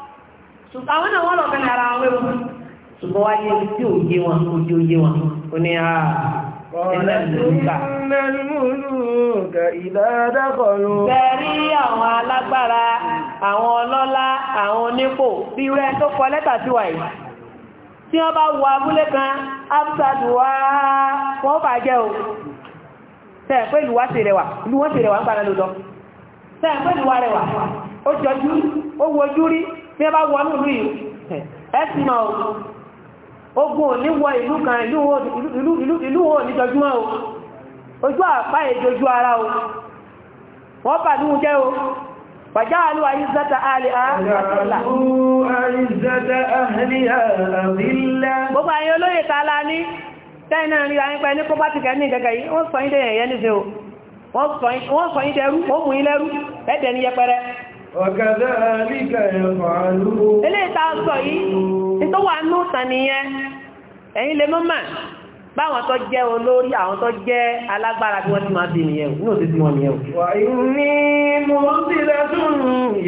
ṣùgbọ́n àwọn náà wọ́n lọ fẹ́lẹ̀ ara wọn wéwọ́n ṣùgbọ́n wáyé tí ò yé wọn kò tí ò yé wọn ó ní a ah, Bẹ̀rí àwọn alágbára, àwọn ọlọ́lá, àwọn onípò, bí rẹ̀ tó kọ lẹ́tà sí wà yìí. Tí wọ́n bá wọ abúlé kan, Absadu wá wọ́n bà jẹ́ o. Tẹ́ pé ìlú wá ṣe rẹwà, ìlú wọ́n ṣe rẹwà ń gbára lọ́dọ́. Tẹ́ pé ìlú wá rẹwà, ó jọjú, ó wojú rí, tí ẹ bá wọ ní ìlú yìí ẹ ti mọ̀ ogun ò ní wọ ìlú kan ìlú wo ní jọjúmọ́ o ojú àpá ìjojú ara o wọ́n bà ní oúnjẹ o وجعلوا عزة أهلها أذلة عزة أهلها أذلة gbogbo àyín olóyè tààlà ní tẹ́ẹ̀nà rí àyín pẹ́ ní kó bá ti kẹ́ ní gẹ́gẹ́ yìí wọ́n sọ yín dẹ̀yẹ̀ yẹ́ ní ṣe o wọ́n sọ yín dẹ̀rú wọ́n mú yín lẹ́rú ẹ̀dẹ̀ ní yẹpẹrẹ وكذلك يفعلون ilé ìta sọ yìí tó wà ní òtàn nìyẹn ẹ̀yin lè mọ́mà báwọn tó jẹ́ olórí àwọn tó jẹ́ alágbára bí wọ́n ti máa bí nìyẹn ní òtítí wọn nìyẹn wà ní mọ́sílẹ̀tún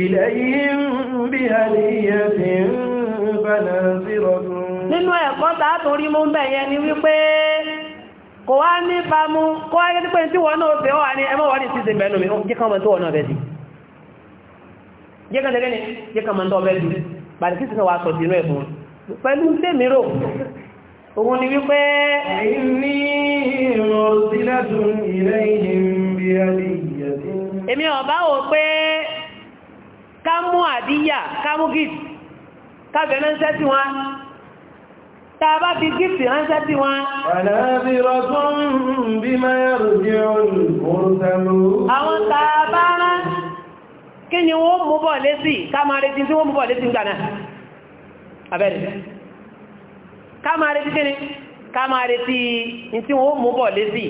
ilẹ̀ yìí ń bí àníyàn ti ń bẹ̀rẹ̀ sí rọ̀tún nínú ẹ̀kọ́ tààtòrí mú bẹ̀yẹ ni wípé kò wá ní famu kó wáyé tí pé tí wọ́n náà fẹ́ wà ní ẹmọ́wọ́n mi ó kíkọ́ mọ́ tó jẹ́ kan tẹ́gẹ́ ni jẹ́ kan máa ń tọ́ bẹ́ẹ̀ dùn bàtí kí sọ́wọ́ aṣọ sínú ẹ̀fún pẹ̀lú tèmi rò òun èmi ọ̀bá wò pé ká mú àdíyà ká mú gìtì kábẹ̀ ránṣẹ́ sí wọn tá bá fi gìtì ránṣẹ́ sí wọn àwọn kí ni wọ́n mú bọ̀ lésì ká máa tí wọ́n mú bọ̀ lésì ń gbà abẹ́rẹ̀ ká kíni ká tí wọ́n mú bọ̀ lésì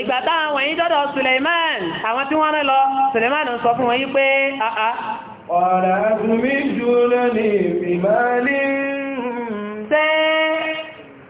ìgbà táwọn yí dọ́dọ̀ Suleiman àwọn tí wọ́n rán lọ Suleiman sọ fún wọn yí pé àà ọ̀rọ̀ àbúmí jùlọ ní ìbìmọ̀ ní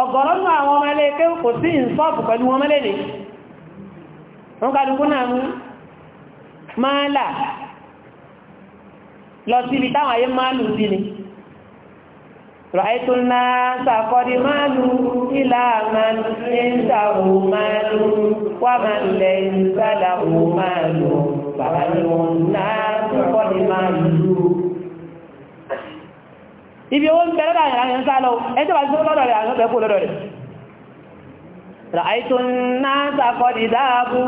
ọgọ́rọ́nù àwọn ọmọ ẹlẹ́ẹ̀kẹ́ kò sí ìsọ́ọ̀pù pẹ̀lú wọn mẹ́lẹ́lẹ́ wọ́n kàdùkú náà mú máa là lọ sí ibi táwọn ayé máa lù sí ni ràìtò náà sàkọ́dí máa lù ìlà máa lù ní ìsàwò máa lù wà máa lù ibi owó ń bẹ̀rẹ̀ láàrin àwọn ẹ̀sá lọ ẹjọ́ bá tó lọ́dọ̀ rẹ̀ àwọn ọ̀bẹ̀ kó lọ́dọ̀ rẹ̀ ràìtò náà sàkọ́dì dáàbù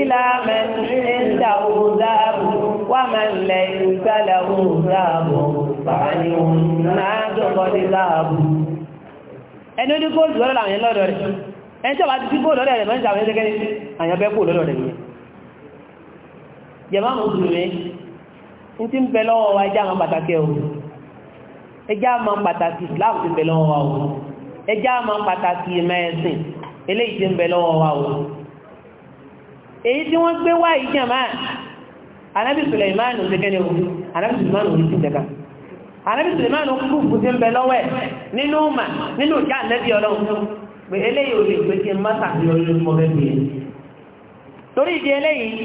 ilá mẹ́rìndàwó dáàbù wà mẹ́lẹ̀ ìgbàlẹ̀wó dáàbù pàánìwò náà sàkọ́dì dáàbù ẹni ó ní kó jù lọ́dọ̀ àwọn lọ́dọ̀ rẹ̀ tó bá ẹjá máa pàtàkì Islam ti ń bẹ lọ́wọ́ wa o ẹjá máa pàtàkì ìmọ̀ ẹ̀sìn eléyìí ti ń bẹ lọ́wọ́ wa o èyí tí wọ́n gbé wá yìí jàmá Ànábì Suleiman ò dégẹ́ni o Ànábì Suleiman ò ní sí ìjẹta Ànábì Suleiman ò kú kú sí ń bẹ lọ́wọ́ ẹ̀ nínú mà nínú ìjà ànẹ́bí ọlọ́run pé eléyìí ò lè gbé kí n má sàbí ọlọ́run mọ́ bẹ́ẹ̀ eléyìí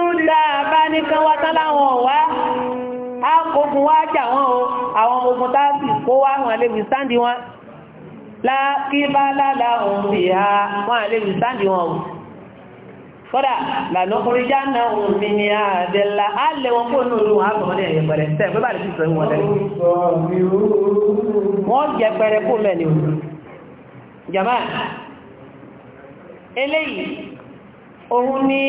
tá a bá ní kán wá tán láwọn ọ̀wá á wá jà wọ́n o àwọn ogun tá sì kó wá wọn lè wí sáǹdì wọn lákíbálálá òun sì ha wọn lè wí sáǹdì wọn o kódà lànà já náà òun mi ni àdẹ́là á lè wọn kó nù lù wọn àtọ̀mọ́dé ẹ̀yẹ pẹ̀rẹ̀ tẹ́ pé sì sọ ìwọ̀n tẹ́lẹ̀ wọ́n jẹ pẹ̀rẹ̀ kó mẹ́ni o jàmáà eléyìí òun ni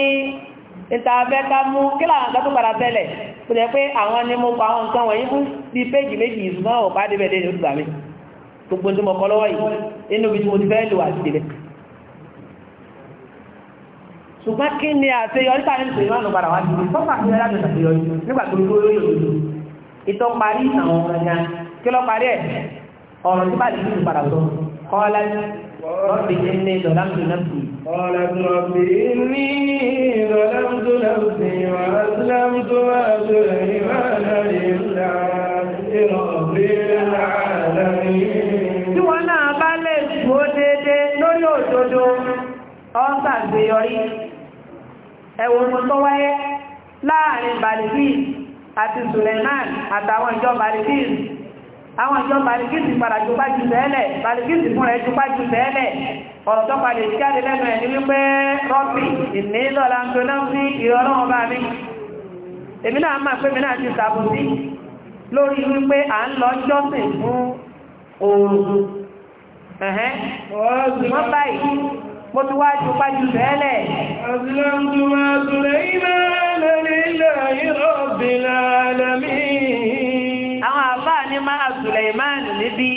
níta fẹ́ ká mú kí làwọn nǹkan tó padà tẹ́lẹ̀ kò jẹ́ pé àwọn ni mo pa àwọn nǹkan wọ̀nyí fún bíi péjì méjì ìsúná ò bá débẹ̀ lẹ́yìn olùgbà mi gbogbo tí mo kọ́ lọ́wọ́ yìí nínú ibi tí mo ti fẹ́ lò àti débẹ̀ ṣùgbọ́n kí ni àṣeyọrí tàbí ìṣèlú ìmọ̀ àlùbàrà wá sí fọ́fà sí ẹ̀rọ àṣeyọrí nígbà tó dúró lórí òdodo ìtọ́ parí àwọn ọmọ ẹ̀yà kí lọ parí ẹ̀ ọ̀rọ̀ tí bá lè ní ìpadà tó kọ́ láti رب إني ظلمت نفسي قالت رب إني ظلمت نفسي وأسلمت وسليمان لله رب العالمين Tíwọ́n náà bá lè gbó dédé lórí òdodo, ọ́ sàgbéyọrí, ẹ̀wọ̀n tó wáyé láàrin Bàlìfíì àti Sùlẹ̀mán àtàwọn ìjọ Bàlìfíì àwọn ìjọ balikisi padà jùpá jù tẹ́lẹ̀ balikisi fún rẹ̀ jùpá jù tẹ́lẹ̀ ọ̀rọ̀ tó padà jáde lẹ́nu ẹ̀ ní wípé rọ́pì ìnílọ́la ń tó náà sí ìrọ̀rùn ọba mi èmi náà máa pé mi náà ti sàbòsí lórí wípé à ń lọ jọ́sìn fún òòrùn ẹ̀hẹ́n wọ́n báyìí mo ti wá jùpá jù tẹ́lẹ̀ àwọn ní máa Suleiman níbi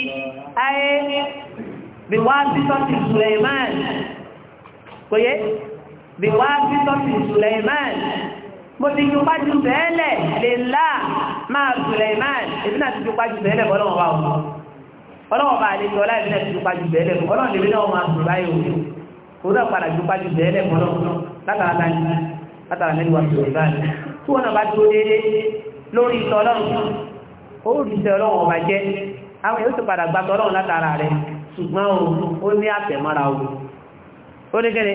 ayé bí wá títọ́ ti Suleiman kò yé bí wá títọ́ ti Suleiman mo ti ju pájú bẹ́ẹ̀lẹ̀ lè lá máa Suleiman èmi náà ti ju pájú bẹ́ẹ̀lẹ̀ bọ́lọ́wọ́ bá àlejò ọlá bá dúró déédéé lórí ó ríṣẹ́ ọlọ́run ọba jẹ́ àwọn èyí ó sì padà gbàtọ̀ ọlọ́run látara rẹ̀ ṣùgbọ́n ó ní àtẹ̀mọ́ra o ó ní kẹ́ni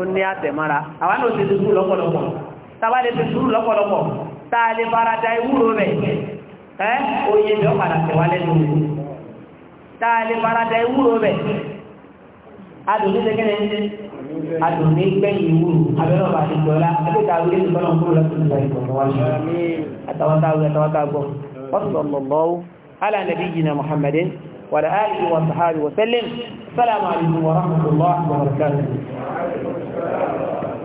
ó ní àtẹ̀mọ́ra àwọn náà ti dúdú lọ́pọ̀lọpọ̀ tàbá lè ti dúdú lọ́pọ̀lọpọ̀ tá a lè fara da ewúro rẹ̀ ẹ́ oye mi ó padà tẹ̀wá lẹ́nu tá a lè fara da ewúro rẹ̀ adùnní lè kẹ́ni adùnní gbẹ̀yìn ewúro abẹ́rẹ́ ọba àti ìjọra ẹgbẹ́ ta wílé ti bọ́lọ̀ kúrò lọ́pọ̀lọpọ̀ وصلى الله على نبينا محمد وعلى آله وصحبه وسلم السلام عليكم ورحمة الله وبركاته